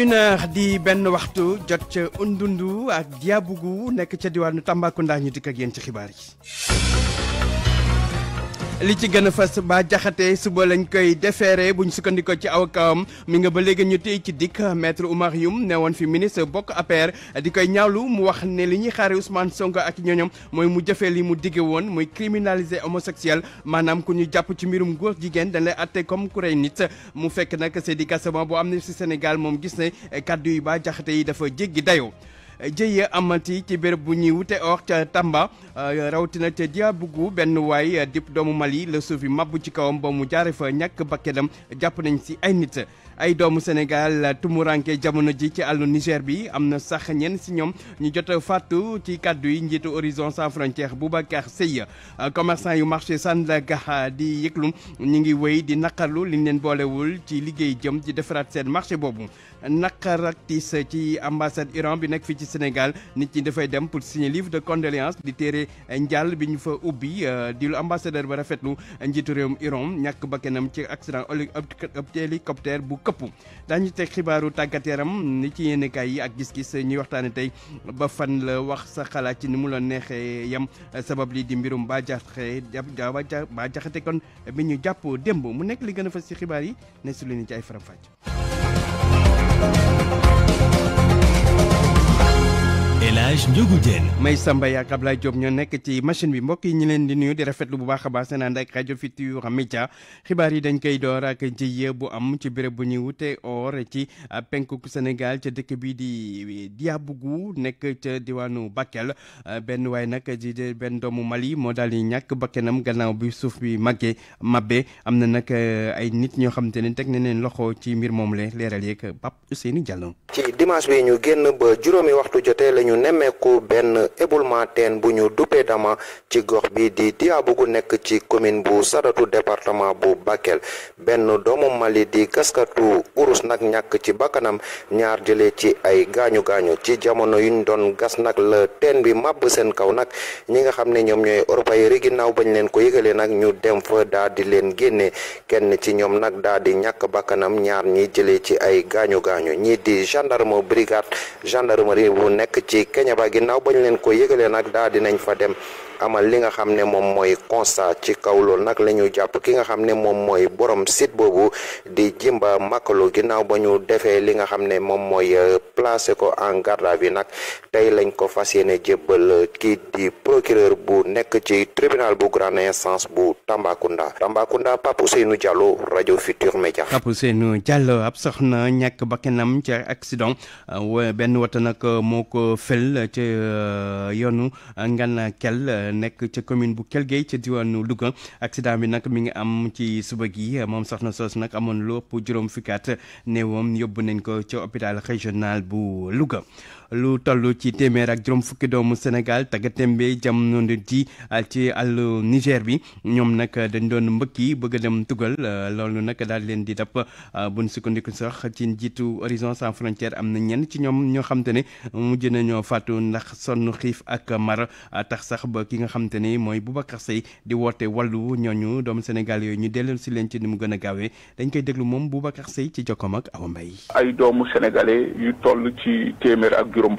une di benn waxtu jot ca Undundu ak Diabougou nekk ca diwaanu Tambacounda ñu dikk ak yéen ci xibaar yi. li ci gën a fas ba jaxate suba lañ koy defeere buñ sukkandiko ci aw mi nga ba léegi ñu téy ci dikk maître Oumar Youm ne fi ministre bokk APR di koy ñaawlu mu wax ne li ñuy xaare Ousmane Sonko ak ñoñom mooy mu jëfee li mu digge woon muy criminaliser homosexuel maanaam ku ñu jàpp ci mbirum góor jigéen dañ lay atte comme ku rey nit mu fekk nag Seydi Gassama bu am na Sénégal moom gis ne yi ba jaxate yi dafa jéggi jëye amati ci béréb bu ñuy wute or ca Tamba euh, rawatina ca Diabougou benn waay euh, dip doomu Mali la suufi mabbu ci kawam ba mu jaare fa ñàkk bakkenam jàpp nañ si ay nit ay doomu Sénégal tumuranke jamono ji ci àllu Niger bi am na sax ñenn si ñoom ñu jot fàttu ci kàddu yi njiitu Horizon Sans bu Boubacar Seye commerçant yu marché Sandaga di yëglu ñu ngi wéy di naqarlu li leen boolewul ci liggéey jëm ci defaraat seen marché boobu naqar ak tiis ci ambassade Iran bi nekk fii ci Sénégal nit ñi dafay dem pour signer livre de condoléances di téere njàll bi ñu fa ubbi euh, di lu ambassadeur ba rafetlu njiitu réewum Iran ñàkk bakkanam ci accident hélicoptère bu këpp daañu teg xibaaru tàggat yaram ni ci yéenekaay yi ak gis-gis ñuy waxtaane tey ba fan la wax sa xalaat ci ni mu la neexee yam sabab lii di mbirum Bah Diakhaté Bah kon bi ñu jàpp démb mu nekk li gën a fas ci xibaar yi ne su leen ci ay faram-fàcc Elhadj Ndiogou Diène may Samba yaak Ablaye Diop ñoo nekk ci machine bi mbokk yi ñu leen di nuyu di rafetlu bu baax a baax seen ànd ak rajo Futurs Médias yi dañ koy door ak jëye bu am ci béréb bu ñuy wute or ci penku Sénégal ca dëkk bi di Diabougou nekk ca diwaanu Bakel benn waaye nag di benn doomu Mali moo daal di ñàkk bakkanam gannaaw bi suuf bi màggee mabbe am na nag eh, ay nit ñoo xamante ne teg na leen loxo ci mbir moom le leeral yeeg ci dimanche bi ñu génn ba juróomi waxtu jotee lañu nemmeeku nemmeeku benn éboulement teen bu ñu duppee dama ci gox bi di gu nekk ci commune bu Sadatou département bu Bakel benn doomu Mali di gaskatu urus nag ñàkk ci bakkanam ñaar jëlee ci ay gaañu gaañu ci jamono yuñ doon gas nag la teen bi màbb seen kaw nag ñi nga xam ne ñoom ñooy européen yi ginnaaw bañ leen ko yëgalee nag ñu dem fa daa di leen génne kenn ci ñoom nag daa di ñàkk bakkanam ñaar ñi jëlee ci ay gaañu gaañu ñii di gendarme brigade gendarmerie bu nekk Touba ginnaaw bañ leen ko yëgalee nag daal dinañ fa dem amal li nga xam ne moom mooy constat ci kaw loolu nag la ñu ki nga xam ne moom borom site boobu di jimba makalu ginnaaw ba ñu defee li nga xam ne moom mooy euh, ko en garde à vue nag tey lañ ko fas yéene jébbal euh, kii di procureur bu nekk ci tribunal bu grande instance bu tambakunda tambakunda papu Ousseynou Diallo rajo Futur Média. Papu Ousseynou Diallo ab soxna ñàkk bakkanam ci accident euh, benn wata nag moo ko fël ci yoonu ngan kel nekk ca commune bu Kelgey ca diwaanu luga accident bi nag mi ngi am ci suba gi moom soxna soos nag amoon lu ëpp juróom fukki at néewam yóbbu nañ ko ca hôpital régional bu Louga. lu toll ci téeméer ak juróom fukki doomu Sénégal tàggatémbe jamono ji ci àllu Niger bi ñoom nag dañ doon mbëkki bëgg dem tugal loolu nag daal leen di dab ah, buñ sukkandiku sax ci njiitu Horizon sans frontière am na ñenn ci ñoom ñoo xam te ne mujj nañoo fàttu ndax sonn xiif ak mar ah, tax sax ba ki nga xam te mooy Boubacar Seye di woote walu ñooñu doomu Sénégal yooyu ñu delloo si leen ci ni mu gën a gaawee dañ koy déglu moom Boubacar Seye ci jokkoom ak Awa ay doomu sénégalais yu ci ak juróom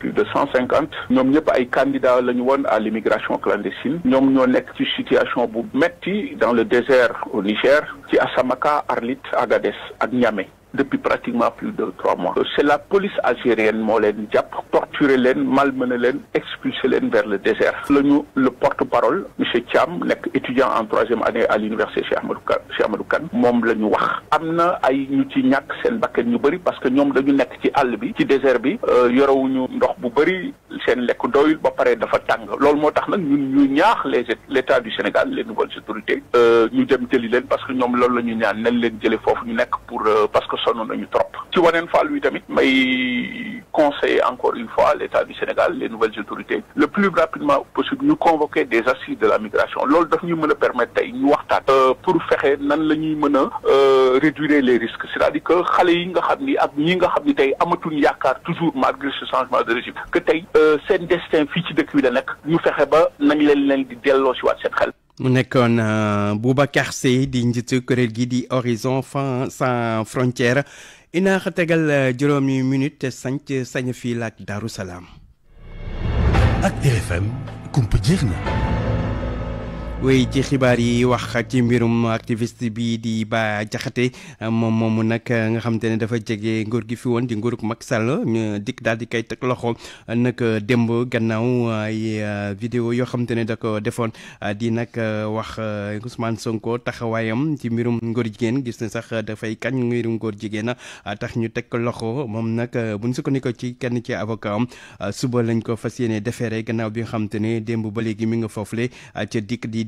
plus de 150. cinquante ñoom ñëpp ay candidats à l'immigration clandestine ñoom ñoo nekk ci situation bu metti dans le désert au Niger à Samaka, Arlit Agadez ak depuis pratiquement plus de trois mois. C'est la police algérienne moo leen jàpp torturer leen malmener leen expulser vers le désert. la le porte-parole monsieur Thiam étudiant en troisième année à l'université Cheikh Amadou Kane Cheikh Ahmadou Kane moom la ñu wax. am na ay ñu ci ñu parce que ñoom dañu nekk ci àll bi ci désert bi euh, yorewuñu ndox bu bëri seen lekk doyul ba pare dafa tàng loolu moo ñu ñaax les l'État du Sénégal les nouvelles autorités euh, ñu dem jëli parce que ñoom loolu la ñu ñaan nañ leen jëlee ñu pour euh, parce que sonn nañu trop ci waneen tamit encore une fois l'état du Sénégal les nouvelles autorités le plus rapidement possible nous convoquer des assises de la migration loolu daf ñu mën a permettre tey euh, pour fexe nan la ñuy euh, réduire les risques c'est-à-dire que xale yi nga ni ñi nga ni toujours malgré ce changement de régime que tey euh, seen destin fii ci dëkk bi la nekk ñu fexe ba nañ leen di mu nekkoon euh, Boubacar Seye di njiitu kuréel gi di Horizon sans frontières inaax tegal euh, juróomi minute sanc sañ fii laak Daaru Salaam ak RFM kumpa jeex na wéy ci xibaar yi wax ci mbirum activiste bi di Bah Diakhaté moom moomu nag nga xam ne dafa jege nguur gi fi woon di nguurug mag Sall ñu dikk daal di koy teg loxo nag démb gannaaw ay euh, vidéo yoo xam ne da ko defoon euh, di nag euh, wax Ousmane Sonko taxawaayam ci mbirum ngóor jigéen gis na sax dafay kañ mbirum ngóor jigéen tax ñu teg loxo moom nag bu ñu sukkandikoo ci kenn ci avocat suba lañ ko fas yéene defeere gannaaw bi nga xam te ne démb ba léegi mi nga foofule ca dikk di.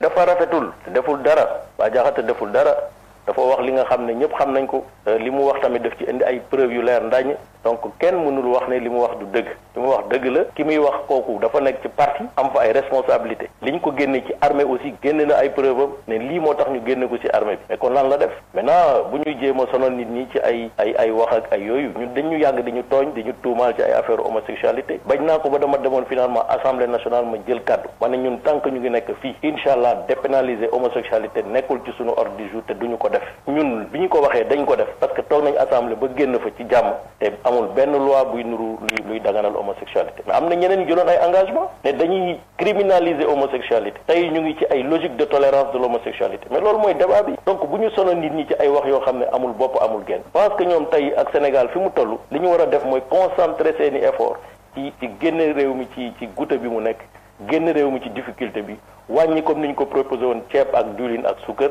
dafa rafetul deful dara ba jaxate deful dara dafa wax li nga xam ne ñëpp xam nañ ko euh, li mu wax tamit daf ci indi ay preuve yu leer ndañ donc kenn mënul wax ne li mu wax du dëgg li mu wax dëgg la ki muy wax kooku dafa nekk ci parti am fa ay responsabilité li ñu ko génne ci armée aussi génne na ay preuve am ne lii moo tax ñu génne ko ci armée bi mais kon lan la def maintenant bu ñuy jéem a sonal nit ñi ci ay ay ay wax ak ay yooyu ñun dañu yàgg di ñu tooñ di ñu tuumaal ci ay affaire homosexualité bañ naa ko ba dama demoon finalement assemblée nationale ma jël kàddu ma ne ñu ngi nekk fii incha allah dépénaliser homosexualité nekkul ci suñu ordre te duñu ko def ñun bi ñu ko waxee dañ ko def parce que toog nañu assemblée ba génn fa ci jàmm te amul benn loi buy nuru luy luy daganal homosexualité mais am na ñeneen ñu jëloon ay engagement ne dañuy criminaliser homosexualité tey ñu ngi ci ay logique de tolérance de l'homosexualité mais loolu mooy débat bi donc bu ñu sonal nit ñi ci ay wax yoo xam ne amul bopp amul génn parce que ñoom tey ak Sénégal fi mu toll li ñu war a def mooy concentrer seeni effort ci ci génn réew mi ci ci goutte bi mu nekk génn réew mi ci difficulté bi wàññi comme ko proposé woon ceeb ak diwlin ak suukar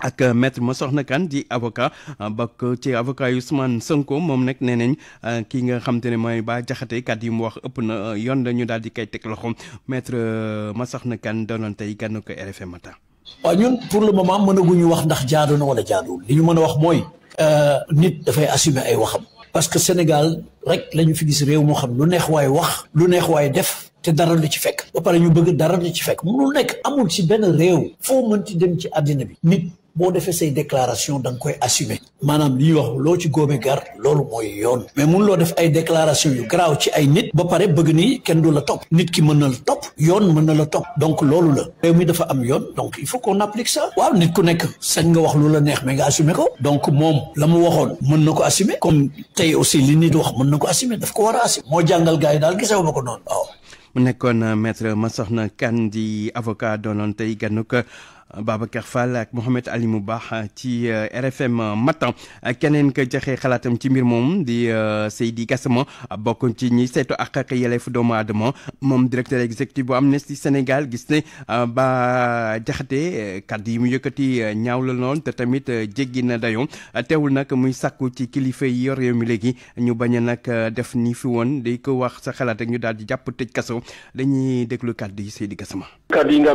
ak euh, maître Massokhna kan di avocat euh, bokk ci avocat yu Ousmane Sonko moom nag nee nañ euh, kii nga xam te ne mooy Bah Diakhaté kat yi mu wax ëpp na yoon la ñu daal di koy teg loxo maître Massokhna kan doonoon tey gànnu ko RFM matin. waa ñun pour le moment ñu wax ndax jaadu na wala jaaduwul li ñu mën a wax mooy. nit dafay assumer ay waxam. parce que Sénégal rek lañu fi gis réew moo xam lu neex waaye wax. lu neex waay def. te dara lu ci fekk ba ñu bëgg dara lu ci fekk mënul amul ci benn réew foo mënti dem ci àddina bi nit bon defee say déclaration da nga koy assumer manam li wax lo ci góobe gar lolou moy yoon mais mun lo def ay déclaration yu graw ci ay nit ba pare bëgg ni kenn du la topp nit ki mën na la top yoon mën na la top donc lolou la rew mi dafa am yoon donc il faut qu'on applique ça waaw nit ku nek sañ nga wax lu neex mais nga assumer ko donc mom la mu waxoon mën na assumer comme tay aussi li nit wax mën nako assumer daf ko wara assumer mo jangal gars dal daal mako ma ko noonu waaw mu nekkoon euh, maître ma Kane kandi avocat donon tey gannuka Babacar Fall ak Mouhamed Ali mu baax ci euh, RFM Matin keneen ka joxe xalaatam ci mbir moom di euh, Seydi Gassama bokk ci ñi saytu ak ak yelleefu doomu aadama moom directeur exécutif bu Amnesty senegal gis ne euh, ba jaxate kadd yi mu yëkkati ñaaw la noonu te tamit jéggi na dayoo teewul nag muy sàkku ci kilifa yi yor réew mi léegi ñu bañ a nag def nii fi woon di ko wax sa xalaat ak ñu daal di jàpp tëj kaso dañuy déglu kàddu yi Seydi gasama kàddu yi nga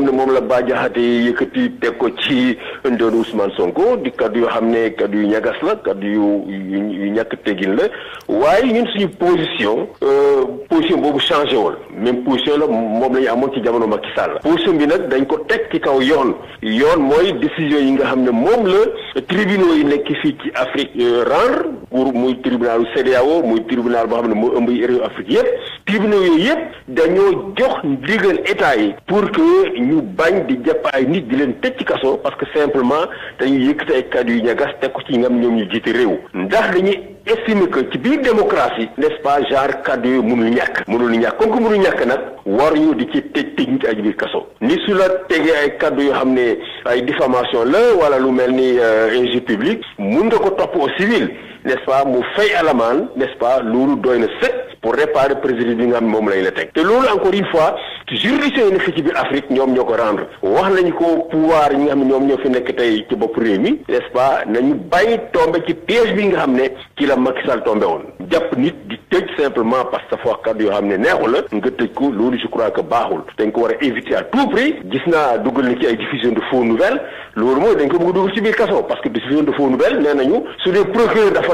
bi teg ko ci ndeeru Ousmane Sonko di kaddu yoo xam ne kaddu yu ñagas la kaddu yu yu ñàkk tegin la waaye ñun suñu position euh, position boobu changé wul même position la moom la amoon ci jamono Macky Sall position bi nag dañ ko teg ci kaw yoon yoon mooy décision yi nga xam ne moom la tribunaux yi nekk fii ci Afrique euh, rendre pour muy tribunalu CEDEAO muy tribunal boo xam ne moo ëmb réew Afrique yépp tribunaux yooyu yépp dañoo jox ndigal état yi pour que ñu bañ di jàpp ay nit di leen tëj ci kaso parce que simplement dañuy yëkkati ay kàddu yu ñagas teg ko ci ngam ñoom ñu jiite réew ndax dañuy estime que ci biir démocratie n'est-ce pas genre kàddu yooyu mënul ñàkk mënul ñàkk comme que mënul ñàkk nag waruñu di ci tëj tëj nit ay biir kaso ni su la tegee ay kàddu yoo xam ay diffamation la wala lu mel ni euh, publique mun nga ko topp au civil n'est-ce pas mu fay alamaan n'est-ce pas loolu doy na sëkk pour réparer préjudice bi nga xam ne moom lañ la teg te loolu encore une fois juridiction une nekk ci biir Afrique ñoom ñoo ko rendre wax nañu ko pouvoir yi nga xam ne ñoom ñoo fi nekk tey ci bopp réew mi n'est-ce pas nañu bàyyi tomber ci piège bi nga xam ne la Macky Sall tombé woon jàpp nit di tëj simplement parce que foo kàddu yoo xam ne neexu la nga tëj ko loolu je crois que baaxul dañ ko war a éviter à tout prix gis naa dugal na ci ay diffusion de faux nouvelles loolu mooy dañ ko bëgg dugal ci biir kaso parce que diffusion de faux nouvelles nee nañu sur les procureurs dafa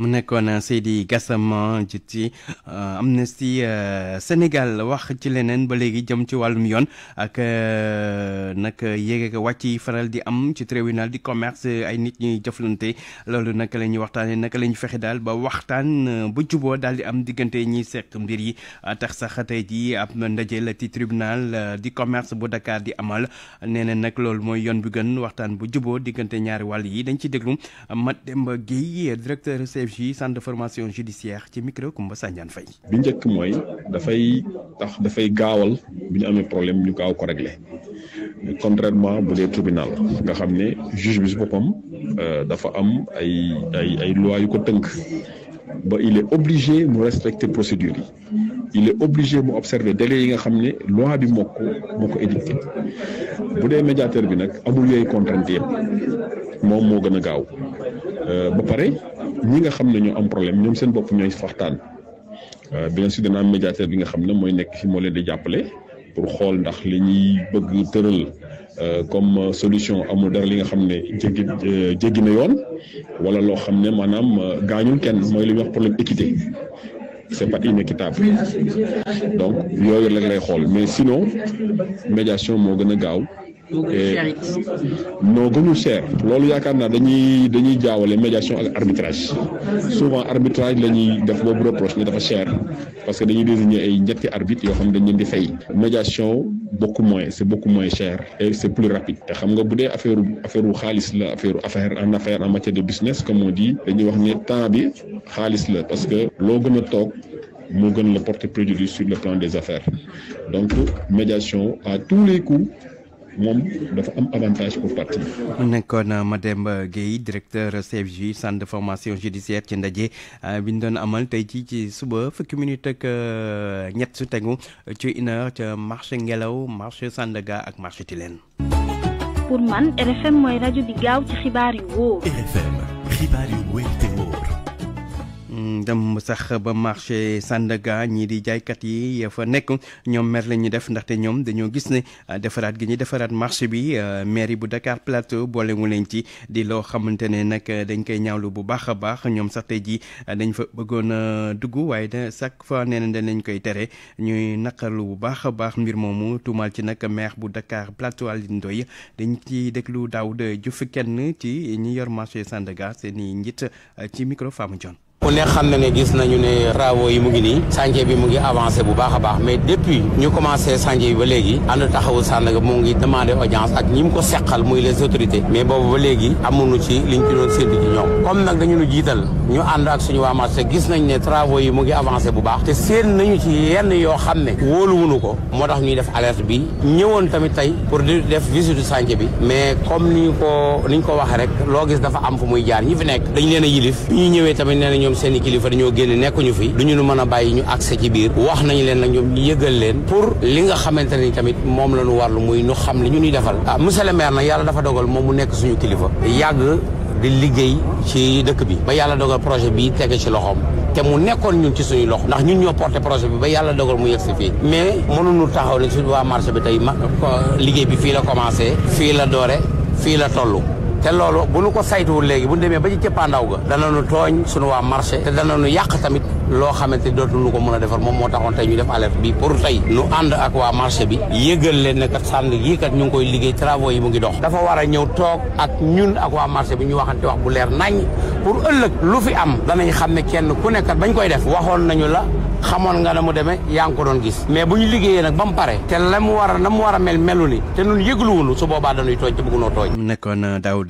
mu nekkoon euh, Seydi Gassama ci euh, Amnesty euh, Sénégal wax ci leneen ba léegi jëm ci wàllum yoon ak nag yéeg ak wàcc faral di am ci tribunal di commerce ay nit ñuy jëflante loolu naka la ñuy waxtaanee naka la ñu fexe daal ba waxtaan bu juboo daal di am diggante ñiy seq mbir yi tax sax tey jii ab ndaje la ci tribunal di commerce bu Dakar di amal nee na nag loolu mooy yoon bi gën waxtaan bu juboo diggante ñaari wàll yi dañ ci déglu Mademba Guèye directeur CFJ centre de formation judiciaire ci micro Koumba Sandiane Faye. bi njëkk mooy dafay tax dafay gaawal bi ñu amee problème ñu gaaw ko réglé contrairement bu dee tribunal nga xam juge bi si boppam euh, dafa am ay ay ay loi yu ko tënk. ba il est obligé mu respecter procédure il est obligé mu observer délai yi nga xam loi bi moo ko moo ko médiateur bi nag amul yooyu contrainte yëpp moom moo gën a euh, ba pare. ñi nga xam ne ñoo am problème ñoom seen bopp ñooy waxtaan euh, bien sûr dina am médiateur bi nga xam ne mooy nekk fi moo leen di jàppale pour xool ndax li ñuy bëgg tëral euh, comme solution amul dara li nga xam ne jéggi euh, jéggi na yoon wala loo xam ne maanaam gaañul kenn mooy li ñuy wax problème équité c'est pas inéquitable donc yooyu rek lay xool mais sinon médiation moo gën a gaaw. non gënu cher loolu yaakaar naa dañuy dañuy jaawale médiation ak arbitrage souvent arbitrage lañuy def bobu reproche ne dafa cher parce que dañuy désigner ay ñetti arbitre yo xam dañ leen di fay médiation beaucoup moins c'est beaucoup moins cher et c'est plus rapide te xam nga bu affaire affaire xaalis la affaire affaire en affaire en matière de business comme on dit dañuy wax ne temps bi xaalis la parce que lo gëna tok toog gën la porter préjudice sur le plan des affaires donc médiation à tous les coups moom dafa am avantage pour nekkoon Mademba Guèye directeur CFJ centre de formation judiciaire ci ndaje euh, bi ñu doon amal tey jii ci suba fukki minute ak euh, ñett su tegu ci une ca marché ngelaw marché Sandaga ak marché Tilène. pour man RFM mooy rajo di gaaw ci xibaar yu wóor. dem sax ba marché Sandaga ñii di jaaykat yi ya fa nekk ñoom mer la ñu def ndaxte ñoom dañoo gis ne ah, defaraat gi ñu defaraat marché bi ah, mairie bu dakaar Plateau boolewu leen ci di loo xamante ne nag dañ koy ñaawlu bu baax a baax ñoom sax tey jii dañ fa bëggoon a dugg waaye da chaque fois nee na danañ koy tere ñuy naqarlu bu baax a baax mbir moomu tuumaal ci nag maire bu dakaar Plateau Alioune Ndoye dañ ci déglu Daouda Diouf kenn ci ñi yor marché Sandaga seen i njit ah, ci micro Fama ku ne xam na ne gis nañu ne travaux yi mu ngi nii chantier bi mu ngi avancé bu baax a baax mais depuis ñu commencé chantier bi ba léegi ànd taxawu Sandaga mu ngi demandé audience ak ñi mu ko seqal muy les autorités mais boobu ba léegi amuñu ci liñ ci doon séntu ci ñoom comme nag dañu nu jiital ñu ànd ak suñu waa marché gis nañ ne travaux yi mu ngi bu baax te séen nañu ci yenn yoo xam ne wóoluwunu ko moo tax ñuy def alerte bi ñëwoon tamit tey pour di def visite chantier bi mais comme ni ko ni ñu ko waxee rek loo dafa am fu muy jaar ñi fi nekk dañ leen ñoom seen i kilifa dañoo génn nekkuñu fi du ñu mën a bàyyi ñu accès ci biir wax nañu leen nag ñoom ñu yëgal leen pour li nga xamante ni tamit moom la ñu warlu muy ñu xam li ñu ñuy defal ah monsieur le maire nag yàlla dafa dogal moom mu nekk suñu kilifa yàgg di liggéey ci dëkk bi ba yàlla dogal projet bi tege ci loxoom te mu nekkoon ñun ci suñuy loxo ndax ñun ñoo porté projet bi ba yàlla dogal mu yegsi fii mais mënuñu taxaw ne suñu waa marché bi tey ma liggéey bi fii la commencé fii la doore fii la toll te loolu bu nu ko saytuwul léegi bu ñu demee ba ci cëppaandaw ga danañu tooñ suñu waa marché te danañu yàq tamit loo xamante dootuñu ko mën a defar moom moo taxoon tey ñu def alerte bi pour tey nu ànd ak waa marché bi yëgal leen ne kat sànn yii kat ñu ngi koy liggéey travaux yi mu ngi dox dafa war a ñëw toog ak ñun ak waa marché bi ñu waxante wax bu leer nañ pour ëllëg lu fi am danañ xam ne kenn ku nekkat bañ koy def waxoon nañu la xamoon nga na mu demee yaa ngi ko doon gis mais bu ñu liggéeyee nag ba mu pare te la mu war a na mu war a mel melu ni te nun yëgluwunu su boobaa dañuy tooñ te bëggunoo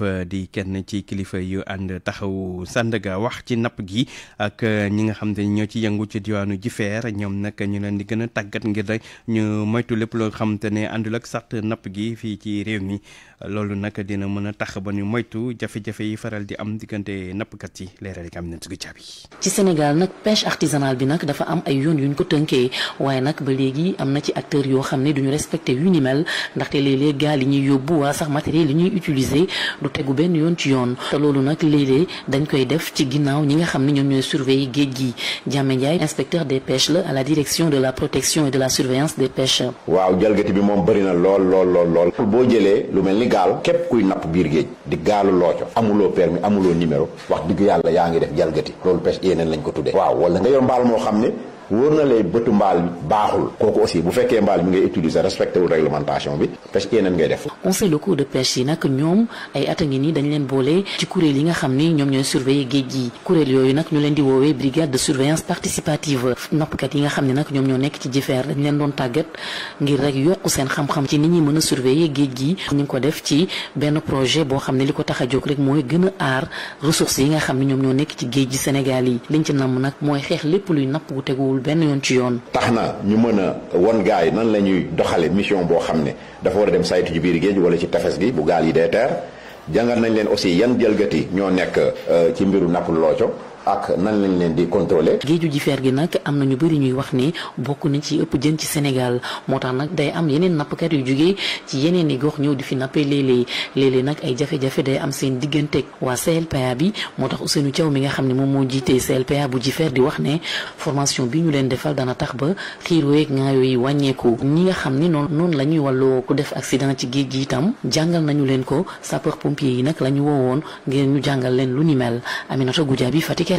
euh, di kenn ci kilifa yu ànd taxaw Sandaga wax ci napp gi ak euh, ñi nga xam ne ñoo ci yëngu ci diwaanu Jifeer ñoom nag ñu leen di gën a ngir rek ñu moytu lépp loo xam te ne ak sart napp gi fii ci réew mi loolu nag dina mën a tax ba ñu moytu jafe-jafe yi faral di am diggante nappkat yi leeral kam am na sugu caabi ci Sénégal nag pêche artisanale bi nag dafa am ay yoon yuñ ko tënkee waaye nag ba léegi am na ci acteurs yoo xam ne duñu respecté yu ni mel ndaxte léeg-léeg gaal yi ñuy yóbbu waa sax matériel yi ñuy utiliser du tegu benn yoon ci yoon te loolu nag léeg-léeg dañ koy def ci ginnaaw ñi nga xam ne ñoom ñooy surveiller géej gi Diamé Ndiaye inspecteur des pêches la à la direction de la protection et de la surveillance des pêches waaw jalgati bi moom bëri na lool lool lool lool boo jëlee lu mel ni gaal képp kuy napp biir géej di gaalu looco amuloo permis amuloo numéro wax dëgg yàlla yaa ngi def jalgati loolu pêche yeneen lañ ko tuddee waaw wala nga yor mbaal moo xam ni wóor na lay bëtu mbaal baaxul kooku aussi bu fekkee mbaal mi ngay utiliser respecté wul réglementation bi pêche nan ngay def. conseil locaux de pêche yi nag ñoom ay at a ngi nii dañ leen boole ci kuréel yi nga xam ni ñoom ñooy surveiller géej gi kuréel yooyu nag ñu leen di woowee brigade de surveillance participative nappkat yi nga xam ne nag ñoom ñoo nekk ci jëfeer dañ leen doon tàggat ngir rek yokk seen xam-xam ci nit ñi mën a surveiller géej gi ñu ko def ci benn projet boo xam ne li ko tax a jóg rek mooy gën a aar ressources yi nga xam ne ñoom ñoo nekk ci géej gi Sénégal yi liñ ci namm nag mooy xeex lépp luy napp wu teguwul teguwul benn yoon ci yoon. tax na ñu mën a won gars yi nan la ñuy doxale mission boo xam ne dafa war a dem saytu ci biir géej wala ci tefes gi bu gaal yi dee teer jàngal nañ leen aussi yan jëlgati ñoo nekk euh, ci mbiru nappul looco ak nan lañ leen di contrôler géeju jifeer gi nag am na ñu bëri ñuy wax ni bokk na ci ëpp jën ci Sénégal moo tax nag day am yeneen nappkat yu jóge ci yeneen i gox ñëw di fi nappee léeg-léeg nag ay jafe-jafe day am seen digganteeg waa CLPA bi moo tax u seenu Thiaw mi nga xam ne moom moo jiitee CLPA bu jifeer di wax ne formation bi ñu leen defal dana tax ba xiiroo yeeg ngaayoo yi wàññeeku ñi nga xam ni noonu noonu la ñuy wàlloo ku def accident ci géej gi itam nañu leen ko sapeur yi nag la ñu woowoon ngir ñu jàngal lu ni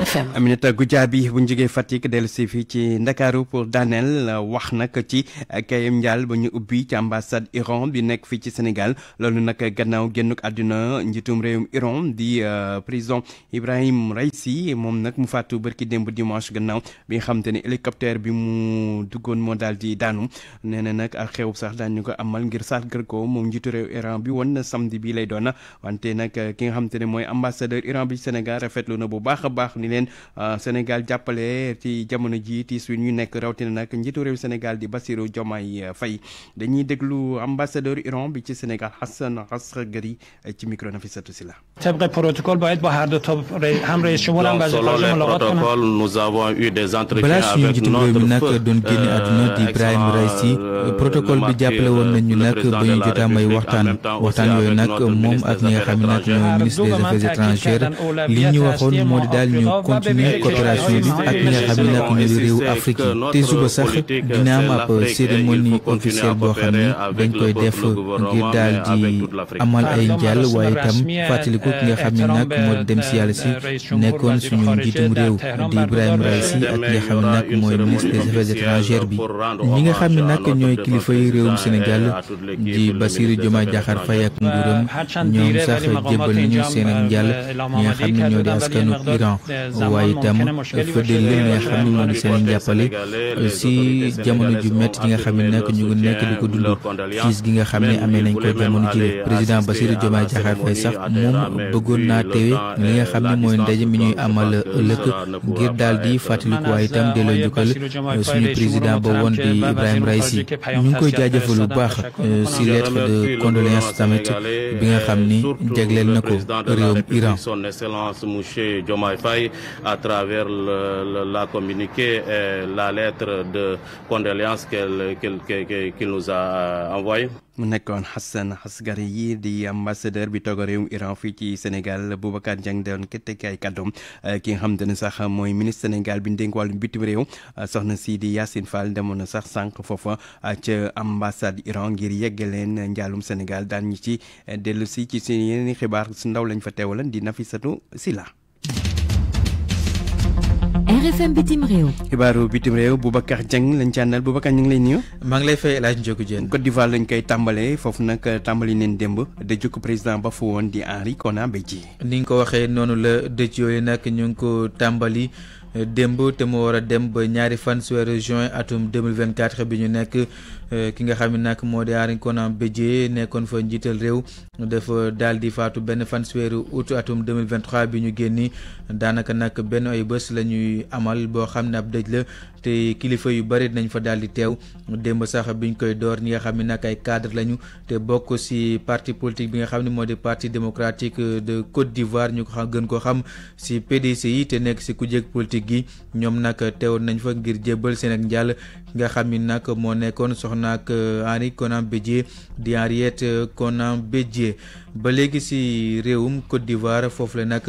Sud FM. Aminata Goudiaby bu ñu jógee Fatick dellu si ci Ndakaaru pour Daniel wax nag ci kayam njaal ba ñu ubbi ci ambassade Iran bi nekk fii ci Sénégal loolu nag gannaaw génnuk àdduna njiitum réewum Iran di euh, président Ibrahim Raisi mom nak mu faatu barki démb dimanche gannaaw bi nga xamante ni bi mu duggoon moo daal di daanu nee na nag ak xew sax daañu ko amal ngir sargal ko moom njiitu réew Iran bi woon na samedi bi lay doon wante nag ki nga xamante ne ambassadeur Iran bi Senegal rafetlu na bu baax a baax ni leen euh, Sénégal jàppale ci jamono ji tiis wi ñu njiitu réew Sénégal di Bassirou Diomaye euh, Faye dañuy déglu ambassadeur Iran bi ci Sénégal Hassan Asghari euh, ci micro Nafissatou Sila. donc selon les protocoles nous avons eu des entretiens avec notre nag doon génne àdduna di Ibrahim Raisi protocole bi jàppale woon nañu nag ba ñu jotaa waxtaan yooyu nag moom ak ñi xam ne nag ñooy ministre des li ñu waxoon moo daal ñu continuer coopération bi ak ñi nga xam ne nag ñooy réewu Afrique yi te suba sax dina ab cérémonie officielle boo xam ne dañ koy def ngir daal di amal ay njàll waaye itam fàttaliku ki nga euh, xam ne nag moo di dem si yàlla si euh, nekkoon suñu njiitum réew di Ibrahima euh, Raïsi ak ñi nga xam ne nag mooy ministre des affaires étrangères bi ñi nga xam ne ñooy kilifa réewum Sénégal di Bassirou Diomaye Diakhar Faye ak nguuram ñoom sax jébal nañu seen ak njàll ñi nga xam di askanu Iran waaye itam fëddeel li nga xam ne moo di seen njàppale si jamono ju métti gi nga xam ne nag ñu ngi nekk di ko dund kiis gi nga xam ne amee nañ ko jamono ji président Bassirou Diomaye Diakhar Faye sax moom bëggoon naa teewe li nga xam ne mooy ndaje mi ñuy amal ëllëg ngir daal di fàttaliku itam delloo njukkal suñu président ba woon di Ibrahima Raïsi ñu ngi koy jaajëfal bu baax si lettre de condoléance tamit bi nga xam ni jagleel na ko réewum Iran. à travers le, le, la communiqué, et la lettre de condoléances qu'il qu qu qu nous a envoyée. mu nekkoon Hassan Asghari yi di ambassadeur bi togo réewum Iran fii ci Sénégal Boubacar Dieng deon kette ay kàddoom euh, ki nga xam sax mooy ministre Sénégal bi ñu dénk wàllum bitim réew euh, soxna si di Yacine Fall demoon na sax sànq foofa euh, ca ambassade Iran ngir yegge leen njaalum Sénégal daan ñu ci dellu si ci seen yeneen xibaar su ndaw lañ fa teewalan di Nafisatou Sila RFM bitim réew. xibaaru bitim réew bu Boubacar Dieng lañ ci àndal Boubacar ñu ngi lay nuyu. maa ngi lay fay El Hadj Ndiogou Dieng. Côte d'Ivoire lañ koy tàmbalee foofu nag tàmbali neen démb dëjëk président ba fu woon di Henri Konan Bédié. ni nga ko waxee noonu la dëj yooyu nag ñu ngi ko tàmbali. Euh, démb te mu war a dem ba ñaari fan si weeru juin atum 2024 bi ñu nekk Eh, ki nga xam ne nag moo di Arinconan Bédié nekkoon fa njiital réew dafa daal di faatu benn fanweeri août atum 2023 bi ñu génni daanaka nag benn ay bés la ñuy amal boo xam ne ab dëj la te kilifa yu bari nañ fa daal di teew démb sax biñ koy door ñi nga xam ne nag ay cadre lañu te bokk ci parti politique bi nga xam ne moo di parti démocratique de Côte d'Ivoire ñu ko xam gën ko xam ci PDC yi te nekk ci kujéeg politique gi ñoom nag teewoon nañ fa ngir jébbal seen ak njàll nga xam ni moo nekkoon soxna nak euh, Henri Konan Bédié di Henriette Konan Bédié ba léegi si réewum Côte d'Ivoire foofu la nag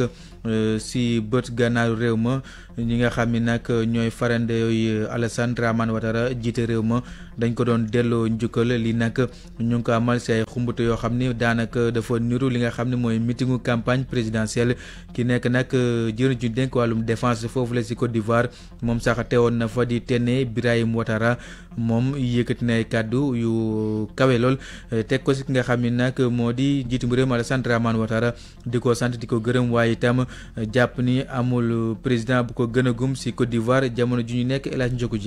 si euh, bët gannaaru réew ma ñi nga xam ni nag euh, ñooy farande yooyu Alassane Dramane Ouattara jiite réew ma dañ ko doon delloo njukkal li nag ñu ngi ko amal si ay yoo xam ni daanaka dafa niru li nga xam ne mooy meetingu campagne présidentielle ki nekk nag euh, jëriñ ju dénk wàllum défense foofu la si Côte d'Ivoire moom sax teewoon na fa di tenne Ibrahim Ouattara moom yëkkati na ay kàddu yu euh, kawe lool euh, teg ko si ki nga xam ni nag moo di jiitu réew mi Alassane Dramane Ouattara di ko sant di ko gërëm waaye itam jàpp ni amul président bu ko gën a gum si Côte d'Ivoire jamono ju ñu nekk El Hadj Ndiogou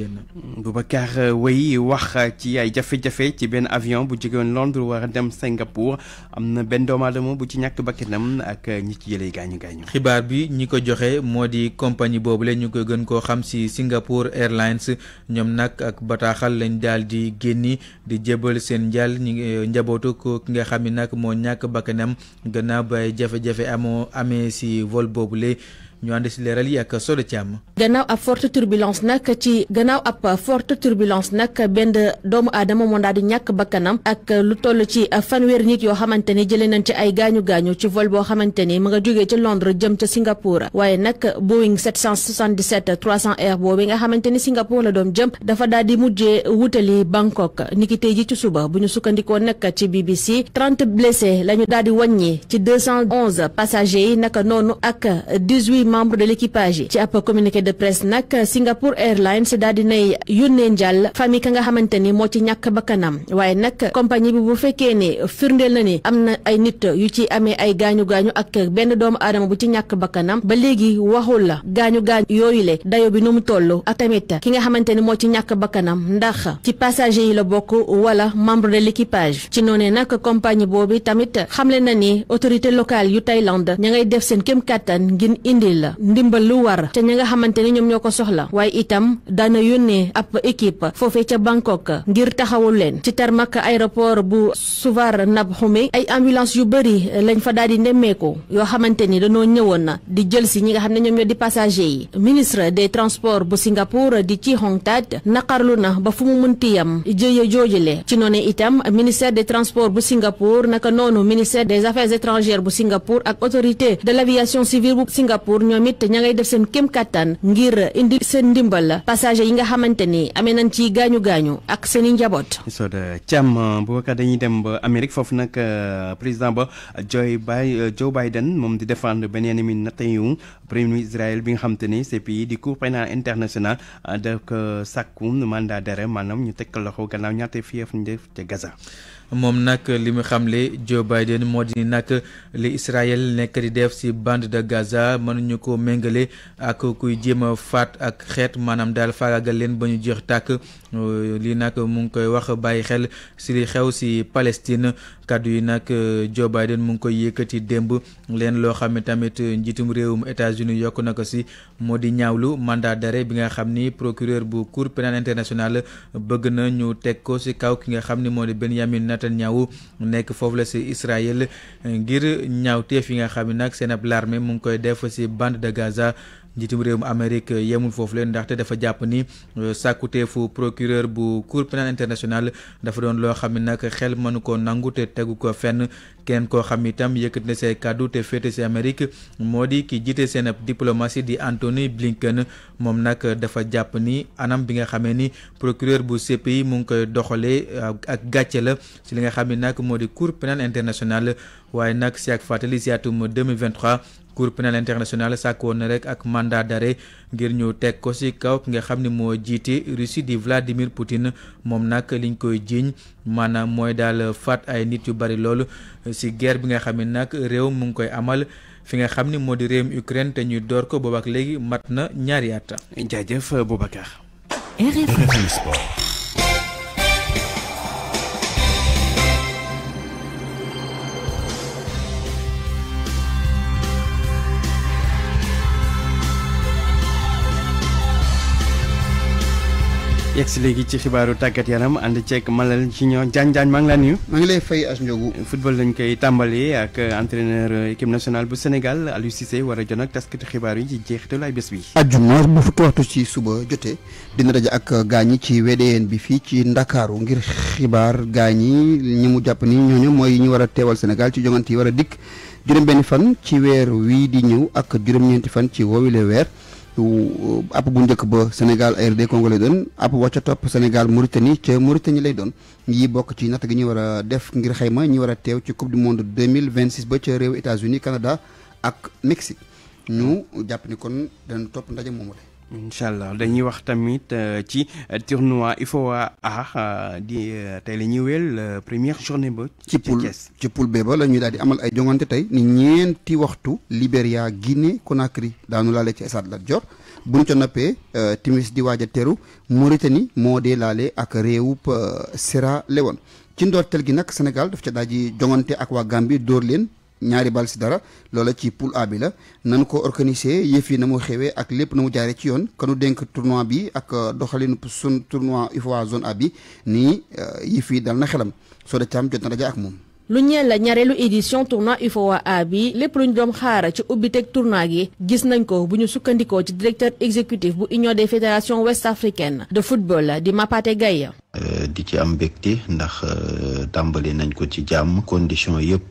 wax eh, ci ay jafe-jafe ci benn avion bu jógewoon Londres war a dem Singapour am na benn doomu aadama bu ci ñàkk bakkanam ak eh, ñi ci jëlee gaañu gaañu. xibaar bi ñi ko joxe moo di compagnie boobule ñu ko gën koo xam si Singapore Airlines ñoom nag ak bataaxal lañ daal di génni di jébal seen njaal ñi eh, njabootu ko ki nga xam ne nag moo ñàkk bakkanam gannaaw bay jafe-jafe amoo amee si vol boobule. ñu ànd si leeral yi ak Soda Thiam. gannaaw ab forte turbulence nag ci gannaaw ab forte turbulence nag benn doomu aadama moo daal di ñàkk bakkanam ak lu toll ci fanweer nit yoo xamante ni jëlee nañ ci ay gaañu gaañu ci vol boo xamante ni mu nga jógee ci Londres jëm ca Singapour waaye nag Boeing 777 300 air boobu nga xamante ni Singapour la doon jëm dafa daal di mujjee wutali Bangkok niki tey ji ci suba bu ñu sukkandikoo nag ci BBC 30 blessés la ñu daal di wàññi ci 211 passagers yi naka noonu ak 18. membre de l'équipage yi ci ab communiqué de presse nag Singapore Airlines daal dinay yónnee njàll famille ka nga xamante ni moo ci ñàkk bakkanam waaye nag compagnie bi bu fekkee ne firndeel na ni am na ay nit yu ci amee ay gaañu gaañu ak benn doomu aadama bu ci ñàkk bakkanam ba léegi waxul la gaañu gaañu yooyu le dayo bi nu mu toll ak tamit ki nga xamante ni moo ci ñàkk bakkanam ndax ci passager yi la bokk wala membre de l'équipage ci noonee nag compagnie boobu tamit xamle na ni autorité locale yu Thaïlande ña ngay def seen kéem kàttan ngir indil la ndimbal lu war te ña nga xamante ne ñoom ñoo ko soxla waaye itam daana yónnee ab équipe foofee ca Bangkok ngir taxawul leen ci tarmac aéroport bu Suvarnabhumi ay ambulance yu bëri lañ fa daal di nemmeeku yoo xamante ni dañoo ñëwoon na di jël si ñi nga xam ne ñoom ñoo di passagers yi ministre des transports bu Singapour di Chee Hong Tat naqarlu na ba fu mu munti yam jëye joojule ci noonu itam ministère des transports bu Singapour naka noonu ministère des affaires étrangères bu Singapour ak autorité de l'aviation civile bu ñoom it ña ngay def seen kéem kàttan ngir indi seen ndimbal passager yi nga xamante ni amee nañ ci gaañu gaañu ak seen i njaboot. Soda euh, Thiam bu euh, baax dañuy dem ba Amérique foofu nag euh, président ba Joe Biden Joe Biden moom di défendre Benyamin Netanyahu premier ministre Israël bi nga xamante ni ne CPI di cour pénal international daf ko sàkku mandat d'arrêt maanaam ñu teg loxo gannaaw ñaata fiyeef ñu def ca Gaza. moom nag li mu xamle Joe Biden moo di nag li Israël nekk di def ci bande de Gaza mënuñu ko méngale ak kuy jéem a faat ak xeet maanaam daal faagaagal leen ba ñu jeex tàkk euh, lii nag mu ngi koy wax bàyyi xel ci li xew ci Palestine kaddu yi nag euh, Joe Biden mu ngi koy yëkkati démb leen loo xam ne tamit njiitum réewum États-Unis yokk na ko ci moo di ñaawlu mandat d'arrêt bi nga xam ni procureur bu Cour pénale internationale bëgg na ñu teg ko ci kaw ki nga xam ni moo di Benjamin Netanyahu nekk foofu la si Israël eh, ngir ñaawteef yi nga xam ne nag seen ab larme mu ngi koy def si bande de Gaza njiitum réew mu Amérique yemul foofu leen ndaxte dafa jàpp ni euh, fu procureur bu cour pénale internationale dafa doon loo xam ne nag xel mënu ko nangu te tegu ko fenn keneen koo xam itam yëkkati na say kàddu te féete si Amérique moo di ki jiite seen ab diplomatie di Anthony Blinken moom nag dafa jàpp ni anam bi nga xamee ni procureur bu CPI mu ngi koy doxalee ak gàcce la si li nga xam ne nag moo di cour pénale internationale waaye nag si ak fàttali si atum 2023 cour pénale internationale sàkkoon na rek ak mandat d'arrêt ngir ñu teg ko ci kaw ki nga xam ne moo jiite Russie di Vladimir Poutine moom nag liñ koy jiiñ maanaam mooy daal faat ay nit yu bari loolu ci guerre bi nga xam ne nag réew mu ngi koy amal fi nga xam ni moo di réew Ukraine te ñuy door ko boobaak léegi mat na ñaari at. jaajëf Boubacar. yegg si léegi ci xibaaru tàggat yaram ànd ceeg Malal ci Diagne Diagne maa ngi maa ngi lay fay as njogu. football lañ koy tàmbalee ak entraîneur équipe national bu senegal Aliou Cissé war a jon ak taskati xibaar yi ci jeexitalu ay bés bi. àjjuma bu fukki waxtu ci suba jotee dina daje ak gaañi ci WDN bi fii ci Ndakaaru ngir xibaar gaañi ñi mu jàpp ni ñooñu mooy ñi war a teewal senegal ci jongante yi war a dikk juróom benn fan ci weer wii di ñëw ak juróom-ñeenti fan ci woowile weer. Euh, app bu njëkk ba Sénégal ARD Congo lay doon app wa ca topp Sénégal Mauritanie ca Mauritanie lay doon yi bokk ci natt gi ñu war a def ngir xayma ñi war a teew ci coupe du monde 2026 ba ca réew États-Unis Canada ak Mexique ñu jàpp ni kon dana topp ndaje moomu incha allah dañuy wax tamit euh, ci tournoi IFOA A euh, di euh, tey la ñuy wéel première journée ba. ci poule ci poule bee ba la ñuy daal di amal ay jongante tey ni ñeenti waxtu Libéria Guinée Conakry daanu laale ci stade Lat Dior bu ñu ca nappee timis di waaj a teru Mauritanie moo dee laale ak réewub Sierra Leone ci ndoorteel gi nag Sénégal daf ca daal di jongante ak waa Gambie dóor leen. ñaari bal ci dara loola ci poule A bi la ko organiser yëf yi na mu xewee ak lépp na mu ci yoon kanu dénk tournoi bi ak euh, doxalin sun tournoi UFOA zone A bi ni euh, yëf yi dal na xelam soo de caam jot na ak moom lu ñeel la ñaareelu édition tournoi UFOA A bi lépp lu ñu doon ci ubbiteg tournoi gi gis nañ ko bu ñu sukkandikoo ci directeur exécutif bu union des fédérations ouest africaines de football di Mapate Gaye Euh, di ci am mbégte ndax euh, tàmbali nañ ko ci jàmm condition yëpp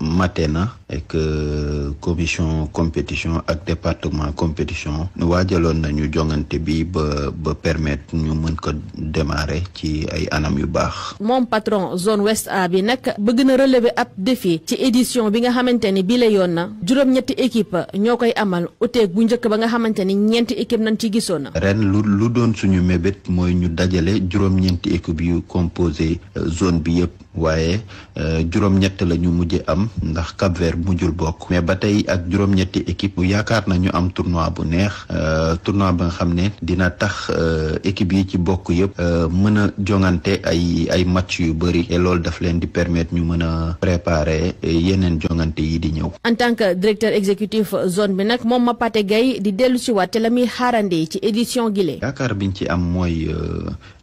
mate na ak euh, commission compétition ak département compétition waajaloon nañu jongante bi ba ba permettre ñu mën ko démarrer ci ay anam yu baax. moom patron zone ouest A bi nag bëgg na relever ab défi ci édition bi nga xamante ni bi la yoon na juróom-ñetti équipe ñoo koy amal uteeg bu njëkk ba nga xamante ni ñeenti équipe nañ ci gisoon. ren lu lu doon suñu mébét mooy ñu dajale juróom-ñeent ñeenti équipe yu composé euh, zone bi yëpp waaye euh, juróom-ñett lañu ñu mujj am ndax Cap Vert mujjul bokk mais ba tey ak juróom-ñetti équipe yaakaar nañu am tournoi bu neex euh, tournoi ba nga xam ne dina tax euh, équipe yi ci bokk yëpp mën a jongante ay ay match yu bëri loolu daf leen di permettre ñu mën a préparer yeneen jongante yi di ñëw. en tant que directeur exécutif zone bi nag moom Mapate Gueye di dellu si te la muy xaarandi ci édition gile. yaakaar biñ ci am mooy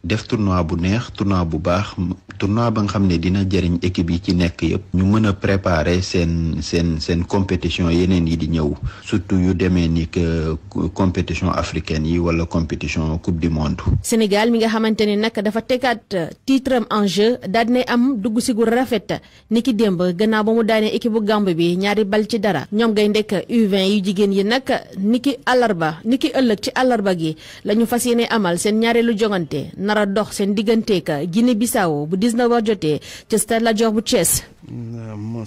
def tournoi bu neex tournoi bu baax tournoi ba nga xam ne dina jëriñ équipe yi ci nekk yépp ñu mën a préparer seen seen seen compétition ke yi di ñëw surtout yu demee ni que euh, compétition africaine yi wala compétition coupe du monde sénégal mi nga dafa euh, titre en jeu am dugg si gu rafet Niki ki démb gannaaw ba mu daanee équipe bu bi ñaari bal ci dara ñoom ngay ndekk u20 yu jigéen yi nag niki ki àllarba ni ci gi la ñu amal sen ñaareelu jongante nara dox seen digganteeka Guinée Bissau bu 19 ca stade Lat Dior bu Thiès.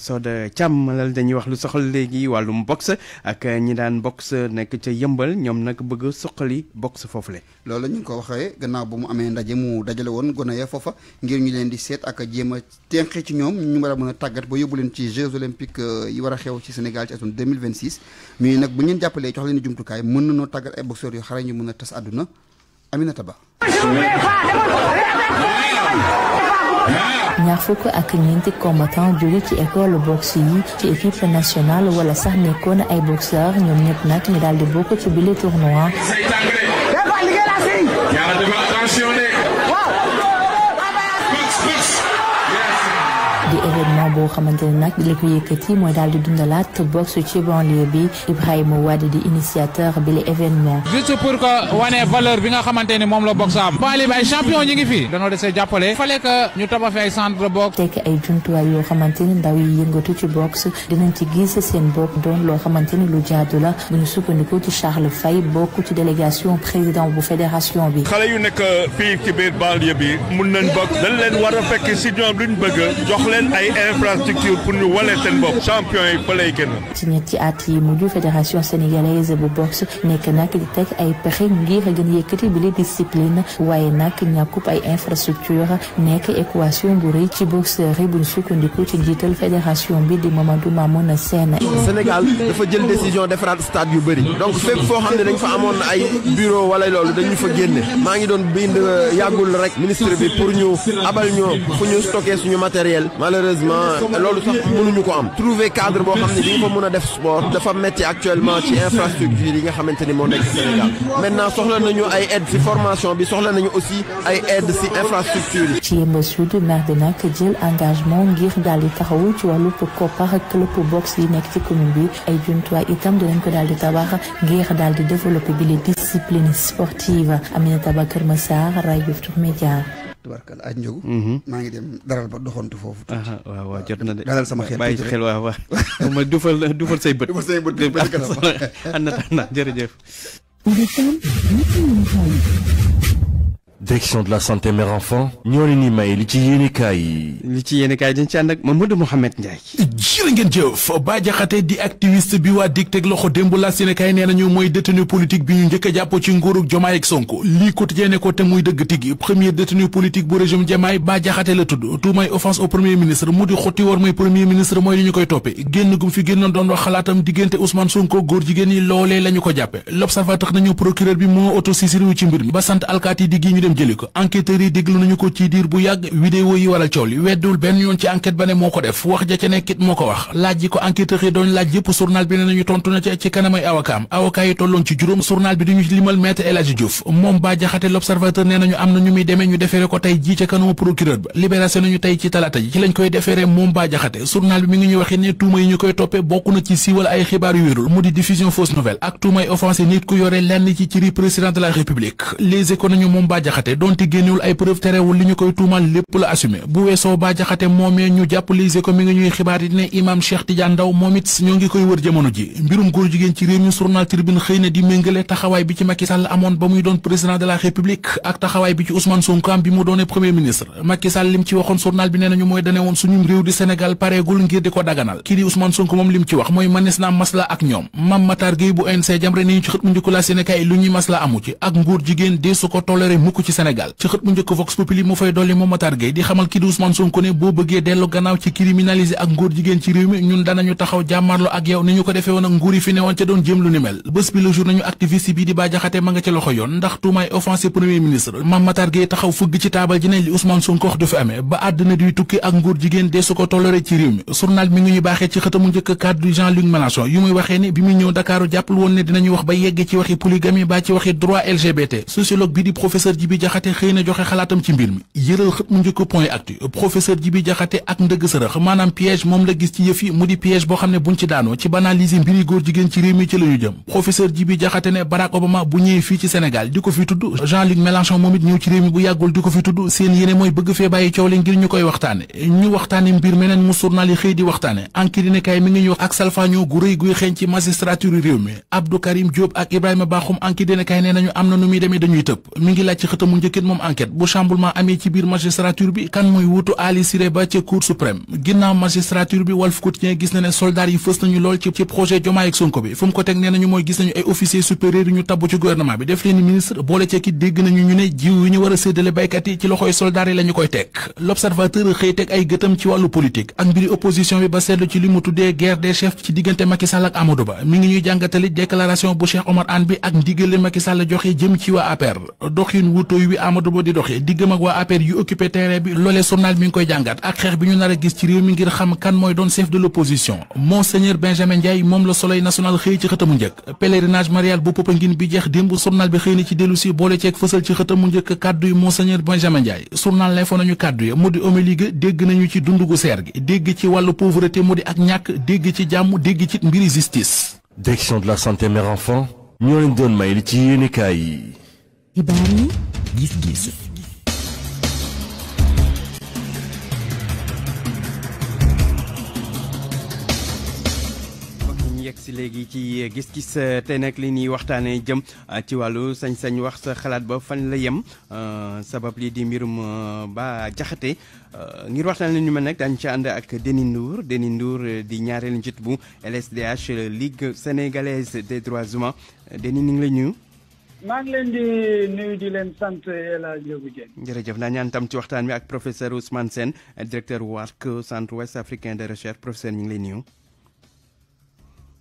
Soda Thiam lal dañuy wax lu soxal léegi wàllum boxe ak ñi daan boxe nekk ca yëmbal ñoom nag bëgg soxali boxe foofu le loolu ñu ngi ko waxee gannaaw ba mu amee ndaje mu dajale woon gone ya foofa ngir ñu leen di seet ak jéem a tenqe ci ñoom ñu war a mën a tàggat ba yóbbu leen ci Jeux olympiques yi war a xew ci Sénégal ci atum 2026 mais nag bu ñu leen jàppalee jox leen jumtukaay mën nañoo tàggat ay boxeurs yu xarañ ñu a tas àdduna Aminata Ba. ñaar fukk ak ñeenti combattant jóge ci école boxe yi ci équipe nationale wala sax nekkoon ay boxeur ñoom ñëpp nag ñu daal di bokk ci bile tournoi di événement boo xamante ne nag li ko yëkkati mooy daal di dundalaat boxe ci banlieue bi Ibrahima Wade di initiateur bi la événement. juste pour que wane valeur bi nga xamante ni moom la boxe am. banlieue bi ay champion ñi ngi fi. danoo dese jàppale. fallait que ñu tabax ay centre de boxe. tekk ay jumtuwaay yoo xamante ni ndaw yi yëngatu ci boxe dinañ ci gis seen bopp doon loo xamante ni lu jaadu la bu ñu sukkandiku ci Charles Faye bokk ci délégation président bu fédération bi. xale yu nekk fii ci biir banlieue bi mun nañ bokk dañ leen war a fekk si ñoom luñ bëgg jox leen leen ay infrastructure pour ñu walee seen bopp champion yi fa lay gën ci ñetti at yi mujj fédération sénégalaise bu boxe nekk nag di teg ay pexe ngir gën yëkkati bi li discipline waaye nag ñàkkub ay infrastructure nekk équation bu rëy ci boxeur yi buñ sukkandiku ci njiital fédération bi di Mamadou Mamouna Sène Sénégal dafa jël décision defaraat stade yu bëri donc fépp foo xam ne dañ fa amoon ay bureau wala loolu dañu fa génne maa ngi doon bind yàggul rek ministre bi pour ñu abal ñoo fu ñu stocké malheureusement loolu sax mënuñu ko am trouver cadre bo xam ne fa mëna def sport dafa metti actuellement ci infrastructure yi nga xamanteni ni moo Sénégal maintenant soxla nañu ay aide ci formation bi soxla nañu aussi ay aide ci infrastructure ci monsieur de maire bi nag engagement ngir dal di taxawu ci wàllu koppar ak club box yi nekk ci commune bi ay jumtuwaay itam dañ ko dal di tabax ngir dal di développer bi les disciplines sportives Aminata Ba Massar Radio Futurs Médias tubarkal aj njogu mhm. maa ngi dem daral ba doxantu foofu waaw waaw jot na de dalal sama xel bàyyi ci xel waaw waaw ma dufal dufal say bët dufal say bët am na tax na jërëjëf direction de la santé mère ñoo leen ni may li ci yéenekaay yi. li ci yéenekaay dañ ci ànd ak Mamadou Mouhamed Ndiaye. jërë ngeen jëf Bah di activiste bi waa dig teg loxo démb la yéenekaay nee nañu mooy détenu politique bi ñu njëkk jàpp ci nguurug Jomaay Sonko lii quotidien ne ko te muy dëgg tigi premier détenu politique bu régime Jomaay Bah la tudd tuumay offense au premier ministre mooy li ñu koy toppe génn gum fi génnoon doon wax dem jëli ko enquêteurs yi déglu nañu ko ci diir bu yàgg vidéo yi wala coow li weddul benn yoon ci enquête ba ne moo ko def wax ja ca nekkit moo ko wax laaj yi ko enquêteurs yi doon laaj yëpp journal bi ne nañu tontu na ci kanamay awakaam avocat yi tolloon ci juróom journal bi duñu limal maître El Hadji Diouf moom Bah Diakhaté l'observateur nee nañu am na ñu muy demee ñu defeere ko tey ji ca kanamu procureur ba libération nañu tey ci talaata ji ci lañ koy defeere de la république les économies te donte génnewul ay preuve terewul li ñu koy tuumal lépp la assumé bu weesoo ba jaxate moomee ñu jàpp Les Échos mi ngi ñuy xibaar yi ne imaam Cheikh Tidiane Ndaw moom it ñoo ngi koy wër jamono ji mbirum góor jigéen ci réew ñu journal Tribune xëy na di méngale taxawaay bi ci Macky Sall amoon ba muy doon président de la République ak taxawaay bi ci Ousmane Sonko am bi mu doonee premier ministre Macky lim ci waxoon journal bi nee nañu mooy dane woon moom wax mooy manes naa masla ak ñoom Mame Matar Gueye bu ANC Jamra ni Sénégal ci xët bu njëkk Vox Populi mu fay dolli moom di xamal kii di Ousmane Sonko boo bëggee dellu gannaaw ci criminaliser ak ngóor jigéen ci réew mi ñun danañu taxaw jàmmarlu ak yow ni ñu ko defee woon ak nguur yi fi ne woon ca doon jëm lu ni mel bés bi le jour nañu activiste bii di Bah ma nga ci loxo yoon ndax tuumaay offensé premier ministre Mame taxaw fëgg ci taabal ji li Ousmane Sonko wax du fi amee ba àddina duy tukki ak ngóor jigéen dee su ko toléré ci réew mi journal mi ngi ñuy baaxee ci xëtamu njëkk cadre jibi jaxate xëy na jaxate ak ndëgg sërëx maanaam piège moom la gis ci yëf yi mu di piège boo xam ne buñ ci daanoo ci banaliser mbiri góor jigéen ci réew mi ci la jëm professeur jibi jaxate ne Barack Obama bu ñëwee fii ci Sénégal di ko fi tudd Jean-Luc Mélenchon moom ñëw ci réew mi bu yàggul di ko fi tudd seen yéene mooy bëgg fee bàyyi coow le ngir ñu koy waxtaane ñu waxtaane mbir meneen mu journal xëy di waxtaane enquête mi ngi ñu ak salfaañoo xët mu njëkkit moom enquête bu chamboulement amee ci biir magistrature bi kan mooy wuutu Ali Siré Ba ca cour suprême ginnaaw magistrature bi Walf Quotidien gis na ne soldats yi fës nañu lool ci projet Diomaye ak Sonko bi fu ko teg nee nañu mooy gis nañu ay officiers supérieurs yu ñu tabb ci gouvernement bi def leen ministre boole ceeki dégg nañu ñu ne jiw yu ñu war a séddale baykat ci loxoy soldats yi la koy teg l'observateur xëy teg ay gëtam ci wàllu xëccoo wi Amadou bo di doxé diggam ak wa APR yu occupé terrain bi lolé journal mi ngi koy jangat ak xex bi ñu nara gis ci réew mi ngir xam kan moy doon chef de l'opposition Monseigneur Benjamin Ndiaye mom le Soleil national xey ci xëtamu njëkk pèlerinage marial bu Popenguine bi jeex dembu journal bi xëy na ci dellu bolé ci ak fessel ci xëtamu njëkk kaddu yu Monseigneur Benjamin Ndiaye journal l'info nañu kaddu ya mudi di homélie ga dégg nañu ci dundugu gu seer gi dégg ci walu pauvreté mudi ak ñàkk dégg ci jamm dégg ci mbiri justice direction de la santé mère enfant ñoo leen doon may li ci yéenekaay yi Ibani Gif Gif. yegg si léegi ci gis-gis euh, tey nak li ni waxtane jëm euh, ci walu sañ-sañ wax sa xalat ba fan la yem euh sabab li di mirum euh, ba jaxate ngir waxtaan li ñu mel nak dañ ci and ak Déni Ndour Déni Ndour di ñaarel njiit bu LSDH Ligue sénégalaise des droits humains Déni ni ngi la ñu maa ngi leen di nuyu di leen sant El Hadj Ndiogou jërëjëf naa ñaan tam ci waxtaan wi ak professeur Ousmane Sène directeur WARC centre ouest africain de recherche professeur ñu ngi lay nuyu